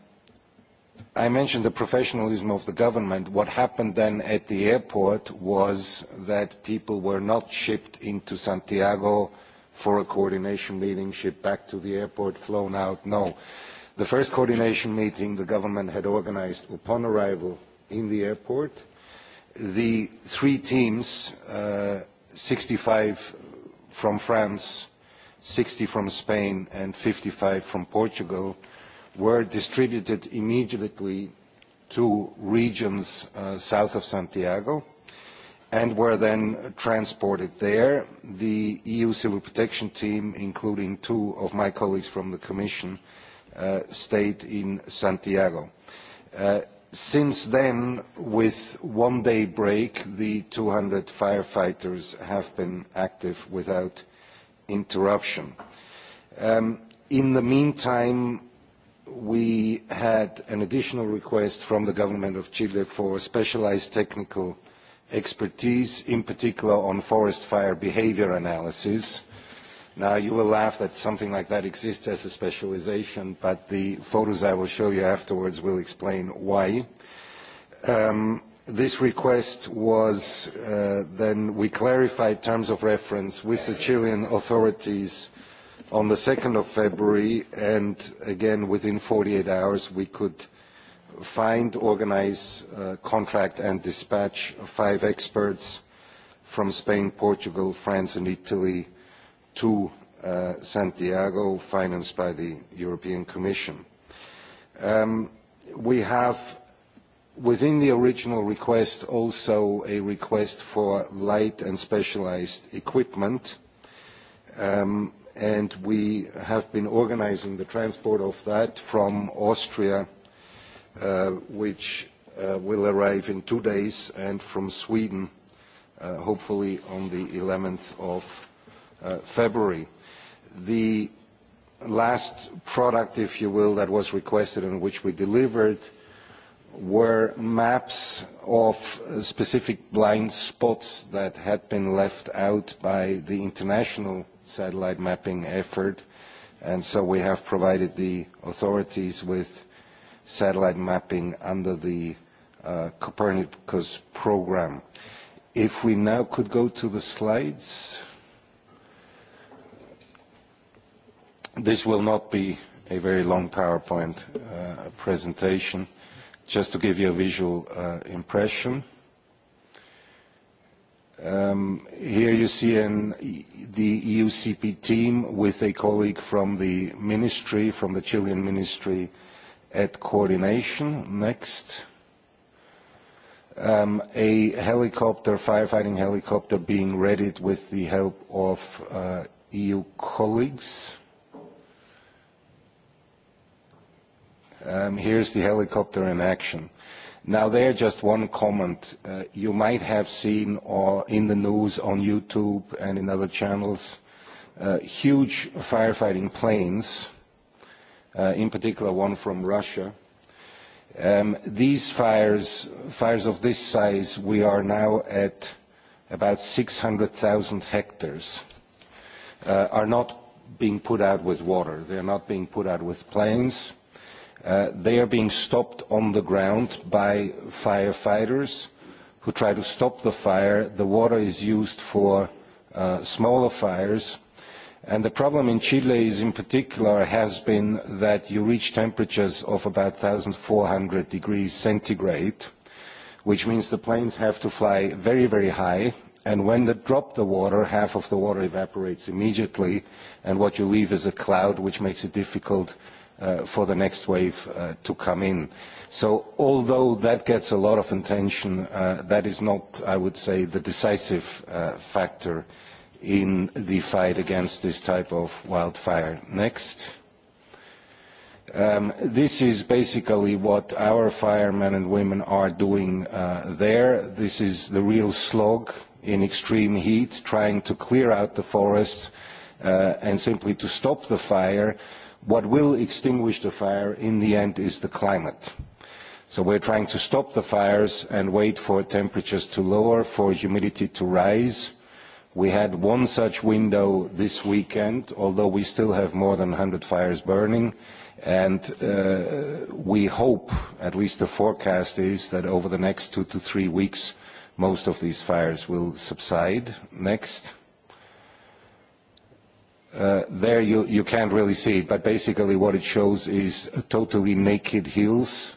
I mentioned the professionalism of the government. What happened then at the airport was that people were not shipped into Santiago for a coordination meeting, shipped back to the airport, flown out. No. The first coordination meeting the government had organized upon arrival in the airport. The three teams, uh, 65 from France, 60 from Spain and 55 from Portugal, were distributed immediately to regions uh, south of Santiago and were then transported there. The EU civil protection team, including two of my colleagues from the Commission, uh, stayed in Santiago. Uh, since then, with one day break, the 200 firefighters have been active without interruption. Um, in the meantime, we had an additional request from the government of Chile for specialized technical expertise, in particular on forest fire behavior analysis. Now, you will laugh that something like that exists as a specialization, but the photos I will show you afterwards will explain why. Um, This request was uh, then we clarified terms of reference with the Chilean authorities on the 2nd of February and again within 48 hours we could find, organize, uh, contract and dispatch five experts from Spain, Portugal, France and Italy to uh, Santiago financed by the European Commission. Um, we have Within the original request, also a request for light and specialized equipment. Um, and we have been organizing the transport of that from Austria, uh, which uh, will arrive in two days, and from Sweden, uh, hopefully on the 11th of uh, February. The last product, if you will, that was requested and which we delivered – were maps of uh, specific blind spots that had been left out by the international satellite mapping effort. And so we have provided the authorities with satellite mapping under the uh, Copernicus program. If we now could go to the slides. This will not be a very long PowerPoint uh, presentation just to give you a visual uh, impression. Um, here you see an, the EUCP team with a colleague from the ministry, from the Chilean ministry at coordination. Next. Um, a helicopter, firefighting helicopter being readied with the help of uh, EU colleagues. um, here's the helicopter in action. Now there just one comment. Uh, you might have seen or uh, in the news on YouTube and in other channels uh, huge firefighting planes, uh, in particular one from Russia. Um, these fires, fires of this size, we are now at about 600,000 hectares, uh, are not being put out with water. They are not being put out with planes. Uh, they are being stopped on the ground by firefighters who try to stop the fire. The water is used for uh, smaller fires. And the problem in Chile is in particular has been that you reach temperatures of about 1,400 degrees centigrade, which means the planes have to fly very, very high. And when they drop the water, half of the water evaporates immediately, and what you leave is a cloud, which makes it difficult uh, for the next wave uh, to come in. So although that gets a lot of attention, uh, that is not, I would say, the decisive uh, factor in the fight against this type of wildfire. Next. Um, this is basically what our firemen and women are doing uh, there. This is the real slog in extreme heat, trying to clear out the forests uh, and simply to stop the fire What will extinguish the fire in the end is the climate. So we're trying to stop the fires and wait for temperatures to lower, for humidity to rise. We had one such window this weekend, although we still have more than 100 fires burning. And uh, we hope, at least the forecast is, that over the next two to three weeks, most of these fires will subside. Next. Uh, there you, you can't really see it, but basically what it shows is totally naked hills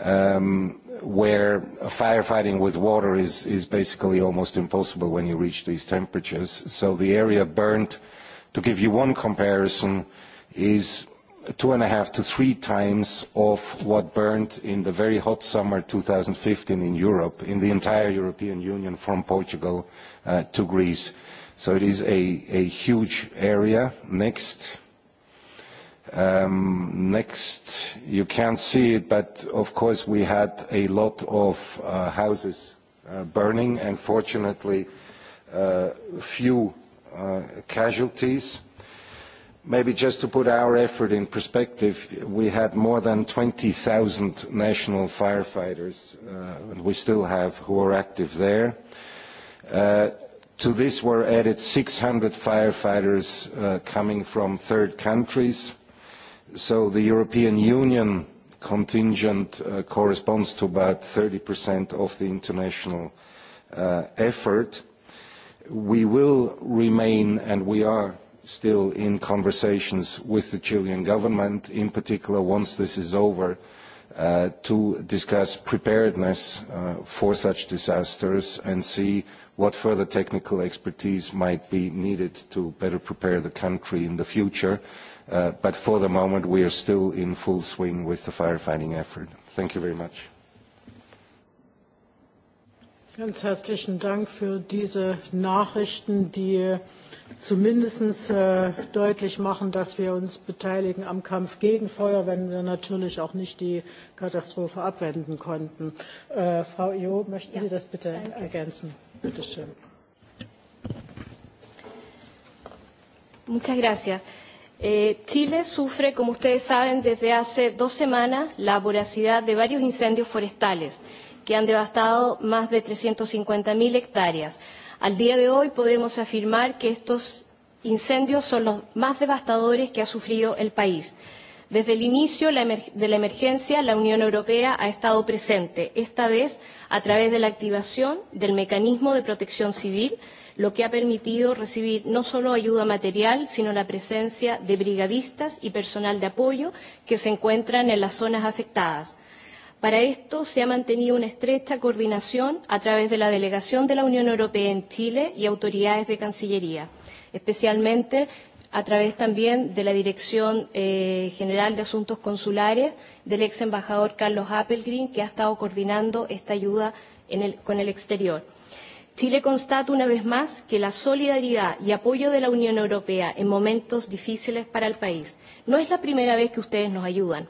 um, where firefighting with water is, is basically almost impossible when you reach these temperatures. So the area burnt, to give you one comparison, is two and a half to three times of what burned in the very hot summer 2015 in Europe, in the entire European Union from Portugal uh, to Greece. So it is a, a huge area. Next. Um, next, you can't see it, but of course we had a lot of uh, houses uh, burning and fortunately uh, few uh, casualties. Maybe just to put our effort in perspective, we had more than 20,000 national firefighters, uh, and we still have, who are active there. Uh, To this were added 600 firefighters uh, coming from third countries. So the European Union contingent uh, corresponds to about 30% of the international uh, effort. We will remain, and we are still in conversations with the Chilean government, in particular once this is over, uh, to discuss preparedness uh, for such disasters and see what further technical expertise might be needed to better prepare the country in the future. Uh, but for the moment, we are still in full swing with the firefighting effort. Thank you very much.
Ganz herzlichen Dank für diese Nachrichten, die zumindest äh, deutlich machen, dass wir uns beteiligen am Kampf gegen Feuer, wenn wir natürlich auch nicht die Katastrophe abwenden konnten. Äh, Frau Io, möchten ja, Sie das bitte danke. ergänzen?
Muchas gracias. Eh, Chile sufre, como ustedes saben, desde hace dos semanas la voracidad de varios incendios forestales que han devastado más de 350.000 hectáreas. Al día de hoy podemos afirmar que estos incendios son los más devastadores que ha sufrido el país. Desde el inicio de la emergencia, la Unión Europea ha estado presente, esta vez a través de la activación del mecanismo de protección civil, lo que ha permitido recibir no solo ayuda material, sino la presencia de brigadistas y personal de apoyo que se encuentran en las zonas afectadas. Para esto se ha mantenido una estrecha coordinación a través de la Delegación de la Unión Europea en Chile y autoridades de Cancillería, especialmente a través también de la Dirección eh, General de Asuntos Consulares del ex embajador Carlos Appelgrin, que ha estado coordinando esta ayuda en el, con el exterior. Chile constata una vez más que la solidaridad y apoyo de la Unión Europea en momentos difíciles para el país no es la primera vez que ustedes nos ayudan.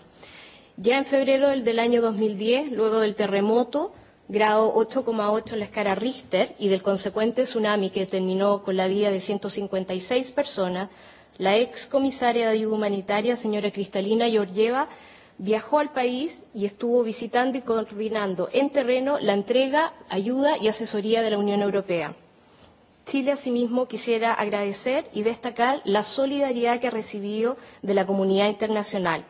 Ya en febrero del año 2010, luego del terremoto, grado 8,8 en la escala Richter y del consecuente tsunami que terminó con la vida de 156 personas, la ex comisaria de ayuda humanitaria, señora Cristalina Yorjeva, viajó al país y estuvo visitando y coordinando en terreno la entrega, ayuda y asesoría de la Unión Europea. Chile, asimismo, quisiera agradecer y destacar la solidaridad que ha recibido de la comunidad internacional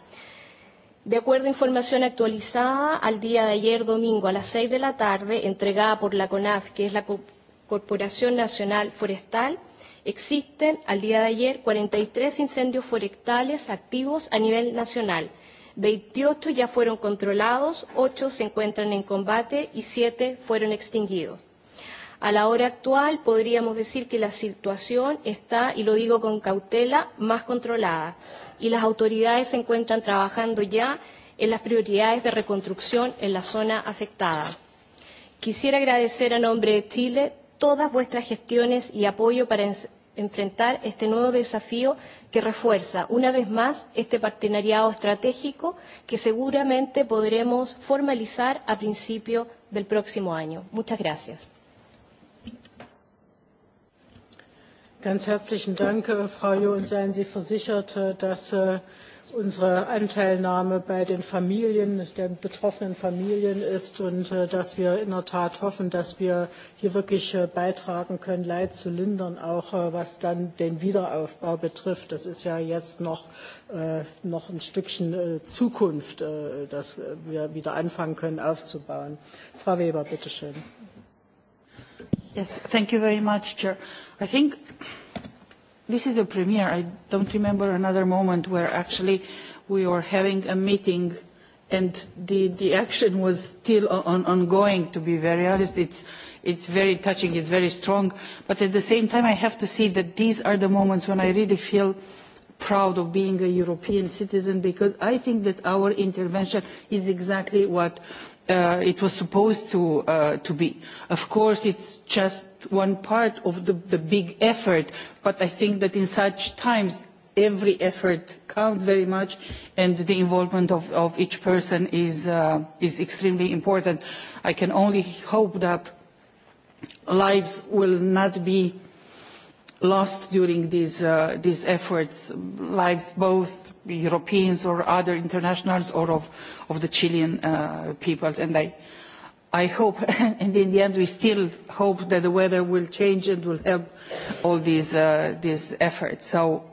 De acuerdo a información actualizada al día de ayer domingo a las 6 de la tarde, entregada por la CONAF, que es la Corporación Nacional Forestal, existen al día de ayer 43 incendios forestales activos a nivel nacional. 28 ya fueron controlados, 8 se encuentran en combate y 7 fueron extinguidos. A la hora actual podríamos decir que la situación está, y lo digo con cautela, más controlada y las autoridades se encuentran trabajando ya en las prioridades de reconstrucción en la zona afectada. Quisiera agradecer a nombre de Chile todas vuestras gestiones y apoyo para enfrentar este nuevo desafío que refuerza una vez más este partenariado estratégico que seguramente podremos formalizar a principio del próximo año. Muchas gracias.
Ganz herzlichen Dank, äh, Frau Jo, und seien Sie versichert, äh, dass äh, unsere Anteilnahme bei den Familien, den betroffenen Familien ist und dass wir in der Tat hoffen, dass wir hier wirklich beitragen können, Leid zu lindern, auch was dann den Wiederaufbau betrifft. Das ist ja jetzt noch, noch ein Stückchen Zukunft, dass wir wieder anfangen können aufzubauen. Frau Weber, bitteschön. schön. Yes, thank you very much, Chair. I think
this is a premiere. I don't remember another moment where actually we were having a meeting and the, the action was still on, ongoing, to be very honest. It's, it's very touching, it's very strong. But at the same time, I have to say that these are the moments when I really feel proud of being a European citizen because I think that our intervention is exactly what uh, it was supposed to, uh, to be. Of course, it's just one part of the, the big effort, but I think that in such times, every effort counts very much, and the involvement of, of each person is, uh, is extremely important. I can only hope that lives will not be lost during these, uh, these efforts, lives both Europeans or other internationals or of, of the Chilean uh, peoples. And I, I hope, and in the end we still hope that the weather will change and will help all these, uh, these efforts. So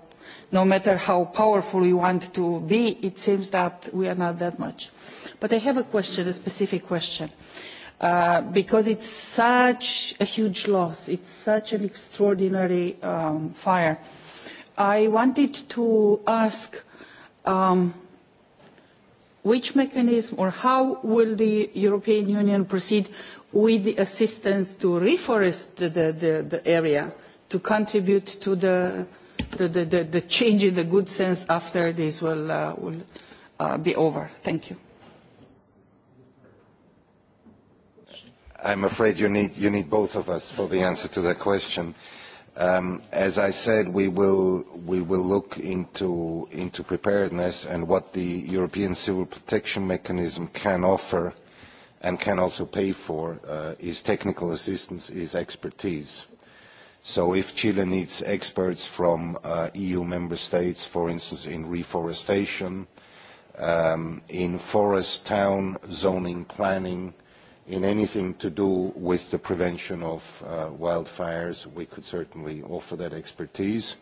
no matter how powerful we want to be, it seems that we are not that much. But I have a question, a specific question. Uh, uh, because it's such a huge loss, it's such an extraordinary um, fire. I wanted to ask um, which mechanism or how will the European Union proceed with the assistance to reforest the, the, the, the area to contribute to the, the, the, the, the change in the good sense after this will, uh, will uh, be over. Thank you.
I'm afraid you need, you need both of us for the answer to that question. Um, as I said, we will, we will look into, into preparedness and what the European Civil Protection Mechanism can offer and can also pay for uh, is technical assistance, is expertise. So if Chile needs experts from uh, EU member states, for instance, in reforestation, um, in forest town zoning planning, in anything to do with the prevention of uh, wildfires, we could certainly offer that expertise.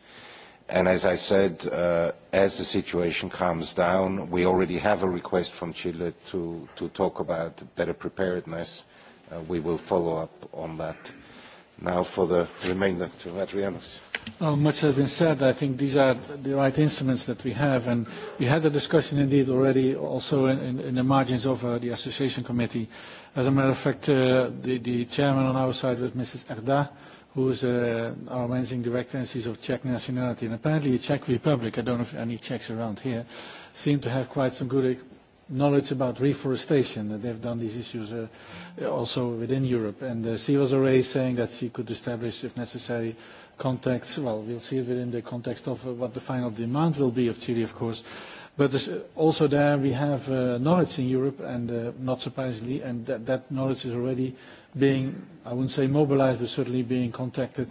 And as I said, uh, as the situation calms down, we already have a request from Chile to, to talk about better preparedness. Uh, we will follow up on that now for the remainder to Adrianus.
Well, much has been said. I think these are the right instruments that we have. And we had a discussion indeed already also in, in, in the margins of uh, the association committee. As a matter of fact, uh, the, the chairman on our side was Mrs. Erda, who is uh, our managing director and she's of Czech nationality. And apparently the Czech Republic, I don't know if any Czechs around here, seem to have quite some good knowledge about reforestation, that they've done these issues uh, uh also within Europe. And uh, she was already saying that she could establish, if necessary, contacts. Well, we'll see it within the context of uh, what the final demand will be of Chile, of course. But uh, also there we have uh, knowledge in Europe, and uh, not surprisingly, and that, that knowledge is already being, I wouldn't say mobilized, but certainly being contacted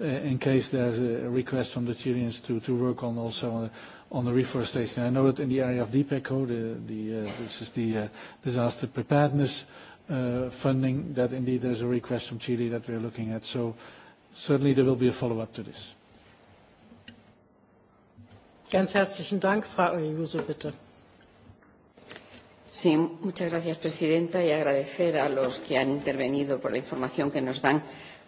uh, in case there's a request from the Chileans to, to work on also uh, on the reforestation. I know that in the area of DPECO, oh, the, the, uh, this is the uh, disaster preparedness uh, funding, that indeed there's a request from Chile that we're looking at. So certainly there will be a follow-up to this.
Ganz herzlichen Dank, Frau Ayuso, bitte.
Sí, muchas gracias, Presidenta, y agradecer a los que han intervenido por la información que nos dan.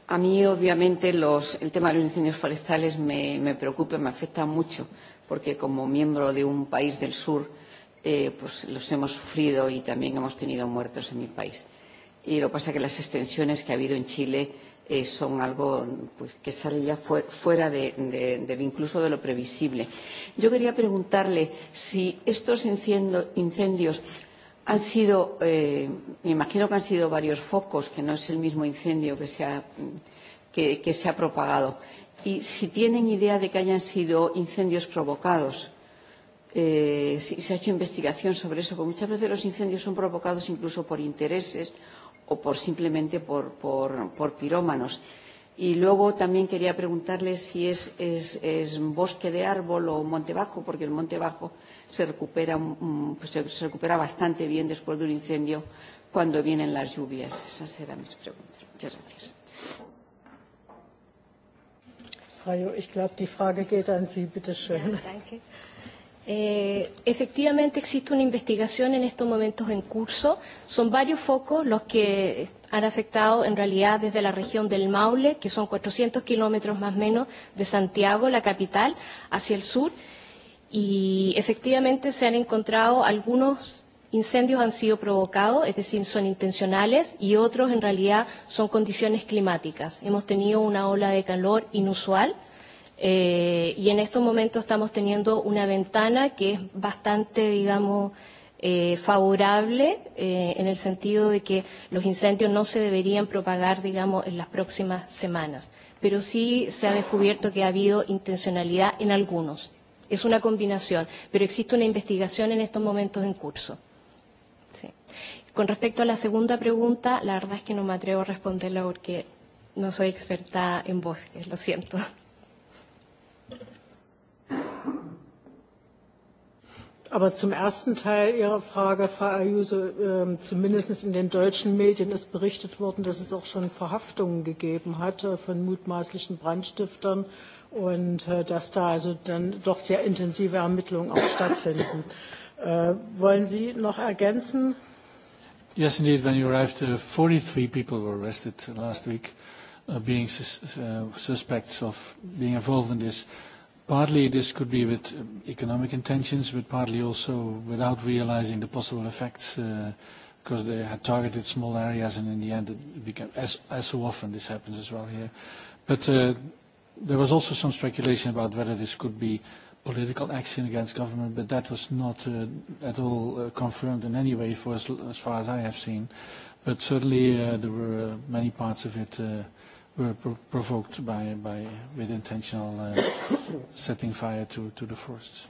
A mí, obviamente, los, el tema de los incendios forestales me, me preocupa, me afecta mucho, porque como miembro de un país del sur eh, pues los hemos sufrido y también hemos tenido muertos en mi país. Y lo que pasa es que las extensiones que ha habido en Chile eh, son algo pues, que sale ya fu fuera de, de, de, incluso de lo previsible. Yo quería preguntarle si estos enciendo, incendios han sido, eh, me imagino que han sido varios focos, que no es el mismo incendio que se ha, que, que se ha propagado y si tienen idea de que hayan sido incendios provocados. Eh, si se ha hecho investigación sobre eso, porque muchas veces los incendios son provocados incluso por intereses o por simplemente por, por, por pirómanos. Y luego también quería preguntarle si es, es, es bosque de árbol o monte bajo, porque el monte bajo se recupera, mm, pues se, recupera bastante bien después de un incendio cuando vienen las lluvias. Esas eran mis preguntas.
Muchas gracias. Frau, ich glaube, die Frage geht an Sie, bitte schön. Ja, danke. Eh, efectivamente existe una
investigación en estos momentos en curso. Son varios focos los que han afectado en realidad desde la región del Maule, que son 400 kilómetros más o menos de Santiago, la capital, hacia el sur. Y efectivamente se han encontrado algunos incendios han sido provocados, es decir, son intencionales, y otros en realidad son condiciones climáticas. Hemos tenido una ola de calor inusual. Eh, y en estos momentos estamos teniendo una ventana que es bastante, digamos, eh, favorable eh, en el sentido de que los incendios no se deberían propagar, digamos, en las próximas semanas. Pero sí se ha descubierto que ha habido intencionalidad en algunos. Es una combinación, pero existe una investigación en estos momentos en curso. Con respecto a la segunda pregunta, la verdad es que no me atrevo a responderla porque no soy experta en bosques, lo siento.
Aber zum ersten Teil Ihrer Frage, Frau Ayuso, äh, zumindest in den deutschen Medien ist berichtet worden, dass es auch schon Verhaftungen gegeben hat äh, von mutmaßlichen Brandstiftern und äh, dass da also dann doch sehr intensive Ermittlungen auch stattfinden. Äh, wollen Sie noch ergänzen?
Yes, indeed. When you arrived, uh, 43 people were arrested last week, uh, being sus uh, suspects of being involved in this. Partly this could be with um, economic intentions, but partly also without realizing the possible effects, uh, because they had targeted small areas, and in the end, it became, as, as so often this happens as well here. But uh, there was also some speculation about whether this could be political action against government, but that was not uh, at all uh, confirmed in any way for as, as far as I have seen. But certainly uh, there were uh, many parts of it uh, were pro provoked by, by, with intentional uh, setting fire to, to the forests.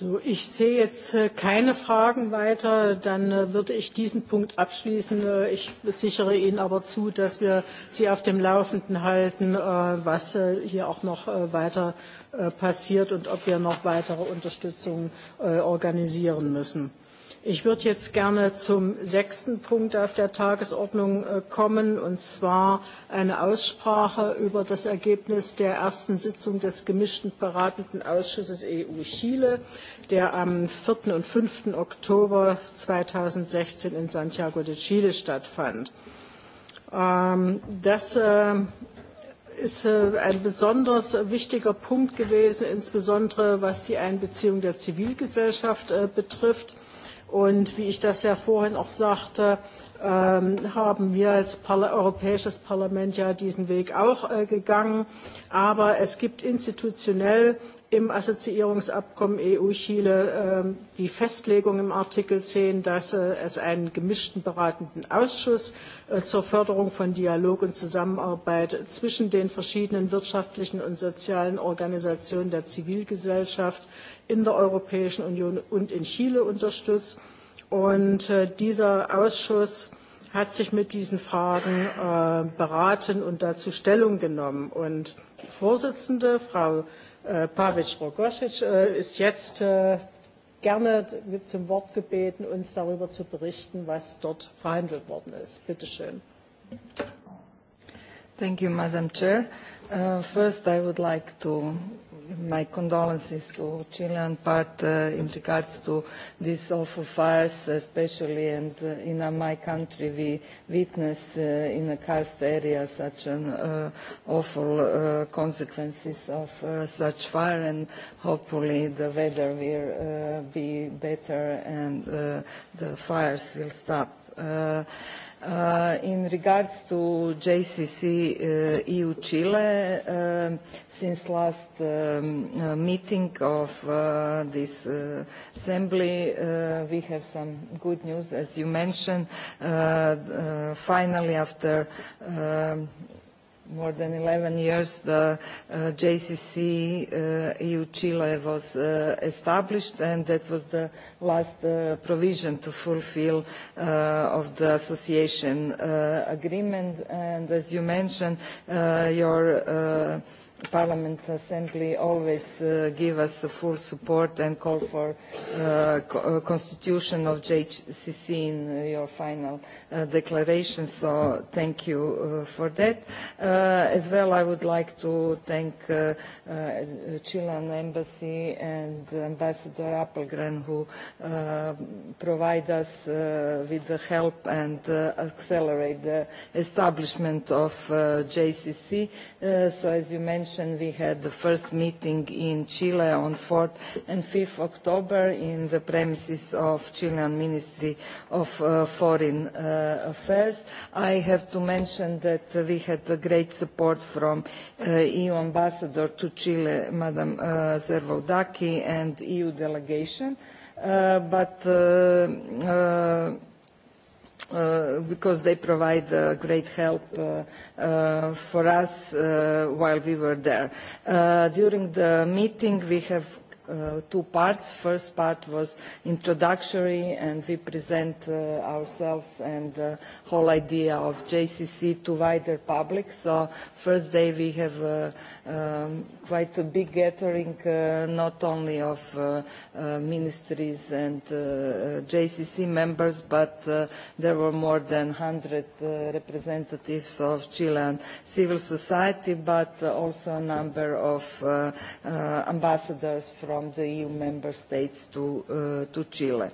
So,
ich sehe jetzt äh, keine Fragen weiter. Dann äh, würde ich diesen Punkt abschließen. Äh, ich sichere Ihnen aber zu, dass wir Sie auf dem Laufenden halten, was hier auch noch weiter passiert und ob wir noch weitere Unterstützung organisieren müssen. Ich würde jetzt gerne zum sechsten Punkt auf der Tagesordnung äh, kommen, und zwar eine Aussprache über das Ergebnis der ersten Sitzung des gemischten beratenden Ausschusses EU-Chile, der am 4. und 5. Oktober 2016 in Santiago de Chile stattfand. Ähm, das äh, ist äh, ein besonders wichtiger Punkt gewesen, insbesondere was die Einbeziehung der Zivilgesellschaft betrifft. Und wie ich das ja vorhin auch sagte, ähm, haben wir als Parla Europäisches Parlament ja diesen Weg auch äh, gegangen. Aber es gibt institutionell im Assoziierungsabkommen EU-Chile äh, die Festlegung im Artikel 10, dass äh, es einen gemischten beratenden Ausschuss äh, zur Förderung von Dialog und Zusammenarbeit zwischen den verschiedenen wirtschaftlichen und sozialen Organisationen der Zivilgesellschaft in der Europäischen Union und in Chile unterstützt. Und äh, dieser Ausschuss hat sich mit diesen Fragen äh, beraten und dazu Stellung genommen. Und die Vorsitzende, Frau äh, Pavic Rogosic, äh, ist jetzt äh, gerne zum Wort gebeten, uns darüber zu berichten, was dort verhandelt worden ist. Bitte schön.
Thank you, Madam Chair. Uh, first, I would like to my condolences to Chilean part uh, in regards to these awful fires, especially and uh, in uh, my country we witness uh, in the karst area such an uh, awful uh, consequences of uh, such fire and hopefully the weather will uh, be better and uh, the fires will stop. Uh, Uh, in regards to JCC uh, EU Chile, uh, since last um, uh, meeting of uh, this uh, assembly, uh, we have some good news, as you mentioned. Uh, uh, finally, after um, more than 11 years, the uh, JCC uh, EU-Chile was uh, established, and that was the last uh, provision to fulfill uh, of the association uh, agreement. And as you mentioned, uh, your uh, Parliament Assembly always uh, give us full support and call for uh, co uh, constitution of JCC in uh, your final uh, declaration, so thank you uh, for that. Uh, as well, I would like to thank uh, uh, Chilean Embassy and Ambassador Appelgren who uh, provide us uh, with the help and uh, accelerate the establishment of uh, JCC. Uh, so as you mentioned, mentioned, we had the first meeting in Chile on 4th and 5th October in the premises of Chilean Ministry of uh, Foreign uh, Affairs. I have to mention that we had the great support from uh, EU Ambassador to Chile, Madam uh, Zervodaki, and EU delegation. Uh, but uh, uh, uh, because they provide uh, great help uh, uh, for us uh, while we were there. Uh, during the meeting, we have uh, two parts. First part was introductory, and we present uh, ourselves and the uh, whole idea of JCC to wider public. So first day we have uh, um, quite a big gathering, uh, not only of uh, uh, ministries and uh, uh JCC members, but uh, there were more than 100 uh, representatives of Chilean civil society, but also a number of uh, uh, ambassadors from from the EU member states to, uh, to Chile.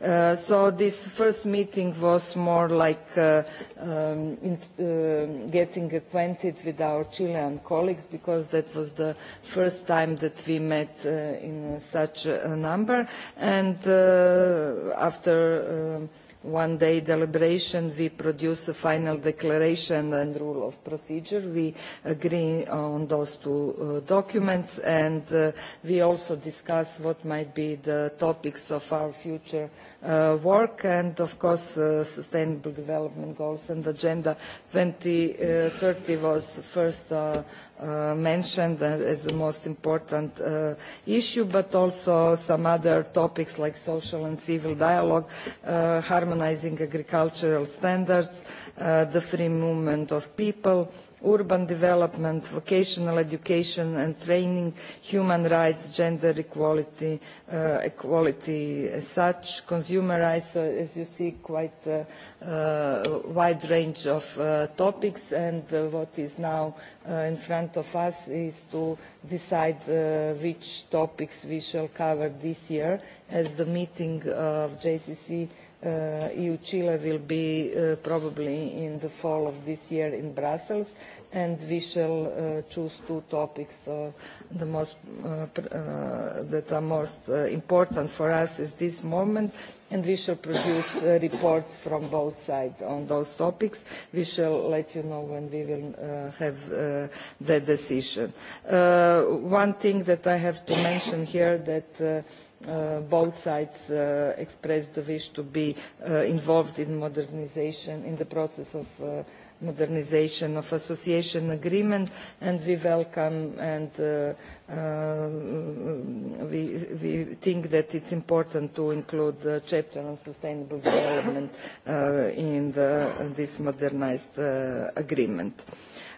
Uh, so this first meeting was more like uh, um, in, uh, getting acquainted with our Chilean colleagues because that was the first time that we met uh, in such a number. And uh, after uh, one day deliberation, we produce a final declaration and rule of procedure. We agree on those two uh, documents and uh, we also discuss what might be the topics of our future uh, work and of course uh, sustainable development goals and agenda 2030 uh, was first uh, Uh, mentioned as the most important uh, issue, but also some other topics like social and civil dialogue, uh, harmonizing agricultural standards, uh, the free movement of people, urban development, vocational education and training, human rights, gender equality, uh, equality as such, consumer rights, uh, as you see, quite a uh, uh, wide range of uh, topics and uh, what is now uh, in front of us is to decide uh, which topics we shall cover this year as the meeting of JCC uh, EU Chile will be uh, probably in the fall of this year in Brussels and we shall uh, choose two topics. Uh, the most, uh, uh, that are most uh, important for us at this moment, and we shall produce a uh, report from both sides on those topics. We shall let you know when we will uh, have uh, the decision. Uh, one thing that I have to mention here that uh, uh, both sides uh, expressed the wish to be uh, involved in modernization, in the process of uh, modernization of association agreement and we welcome and uh, uh, we, we think that it's important to include the chapter on sustainable development uh, in the, this modernized uh, agreement.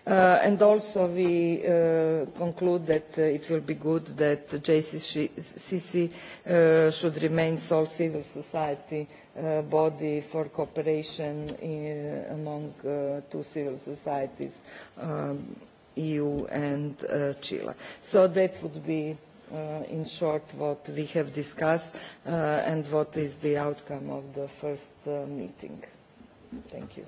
Uh, and also we uh, conclude that uh, it will be good that JCCC uh, should remain sole civil society uh, Uh, body for cooperation in, among uh, two civil societies, um, EU and uh, Chile. So that would be, uh, in short, what we have discussed uh, and what is the outcome of the
first uh, meeting. Thank you.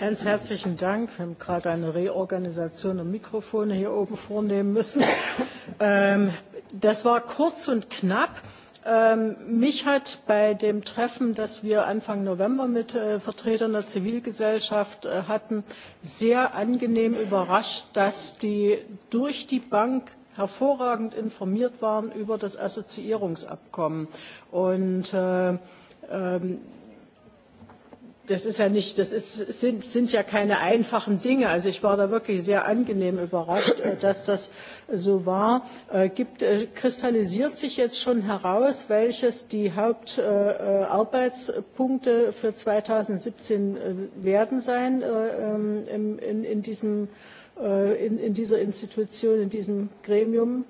Ganz herzlichen Dank. Wir haben gerade eine Reorganisation und Mikrofone hier oben vornehmen müssen. Ähm, das war kurz und knapp. Ähm, mich hat bei dem Treffen, das wir Anfang November mit äh, Vertretern der Zivilgesellschaft äh, hatten, sehr angenehm überrascht, dass die durch die Bank hervorragend informiert waren über das Assoziierungsabkommen. Und äh, ähm, das ist ja nicht, das ist, sind, sind ja keine einfachen Dinge. Also ich war da wirklich sehr angenehm überrascht, äh, dass das so war. Äh, gibt, äh, kristallisiert sich jetzt schon heraus, welches die Hauptarbeitspunkte für 2017 werden sein ähm, in, in, in, diesem, in, in dieser Institution, in diesem Gremium?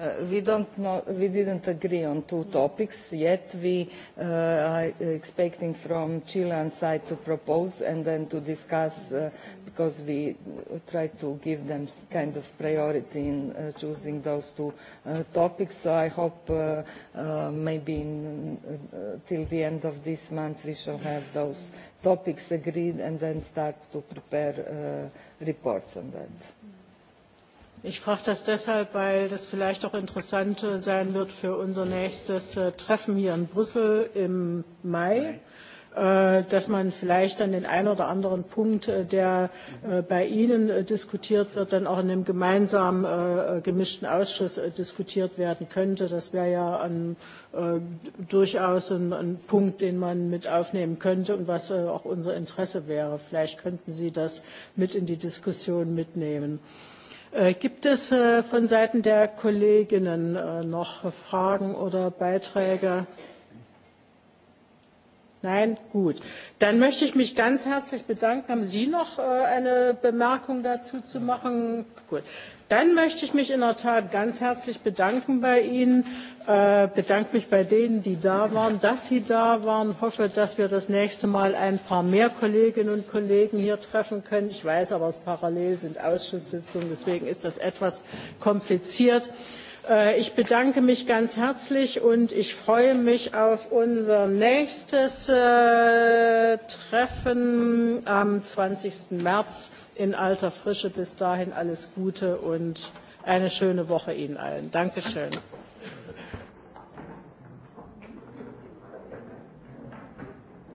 Uh, we don't
know, we didn't agree on two
topics yet. We uh, are expecting from Chilean side to propose and then to discuss uh, because we try to give them kind of priority in uh, choosing those two uh, topics. So I hope uh, uh, maybe in, uh, till the end of this month we shall have those topics agreed and then start to prepare uh, reports on that. Mm -hmm.
Ich frage das deshalb, weil das vielleicht auch interessant äh, sein wird für unser nächstes äh, Treffen hier in Brüssel im Mai äh, dass man vielleicht an den einen oder anderen Punkt, der bei Ihnen diskutiert wird, dann auch in einem gemeinsamen gemischten Ausschuss diskutiert werden könnte. Das wäre ja ein, durchaus ein, ein Punkt, den man mit aufnehmen könnte und was auch unser Interesse wäre. Vielleicht könnten Sie das mit in die Diskussion mitnehmen. Äh, gibt es äh, von Seiten der Kolleginnen äh, noch Fragen oder Beiträge? Nein? Gut. Dann möchte ich mich ganz herzlich bedanken. Haben Sie noch eine Bemerkung dazu zu machen? Gut. Dann möchte ich mich in der Tat ganz herzlich bedanken bei Ihnen, äh, bedanke mich bei denen, die da waren, dass Sie da waren, hoffe, dass wir das nächste Mal ein paar mehr Kolleginnen und Kollegen hier treffen können. Ich weiß aber, es parallel sind Ausschusssitzungen, deswegen ist das etwas kompliziert. Äh, ich bedanke mich ganz herzlich und ich freue mich auf unser nächstes äh, Treffen am 20. März in alter Frische. Bis dahin alles Gute und eine schöne Woche Ihnen allen. Dankeschön.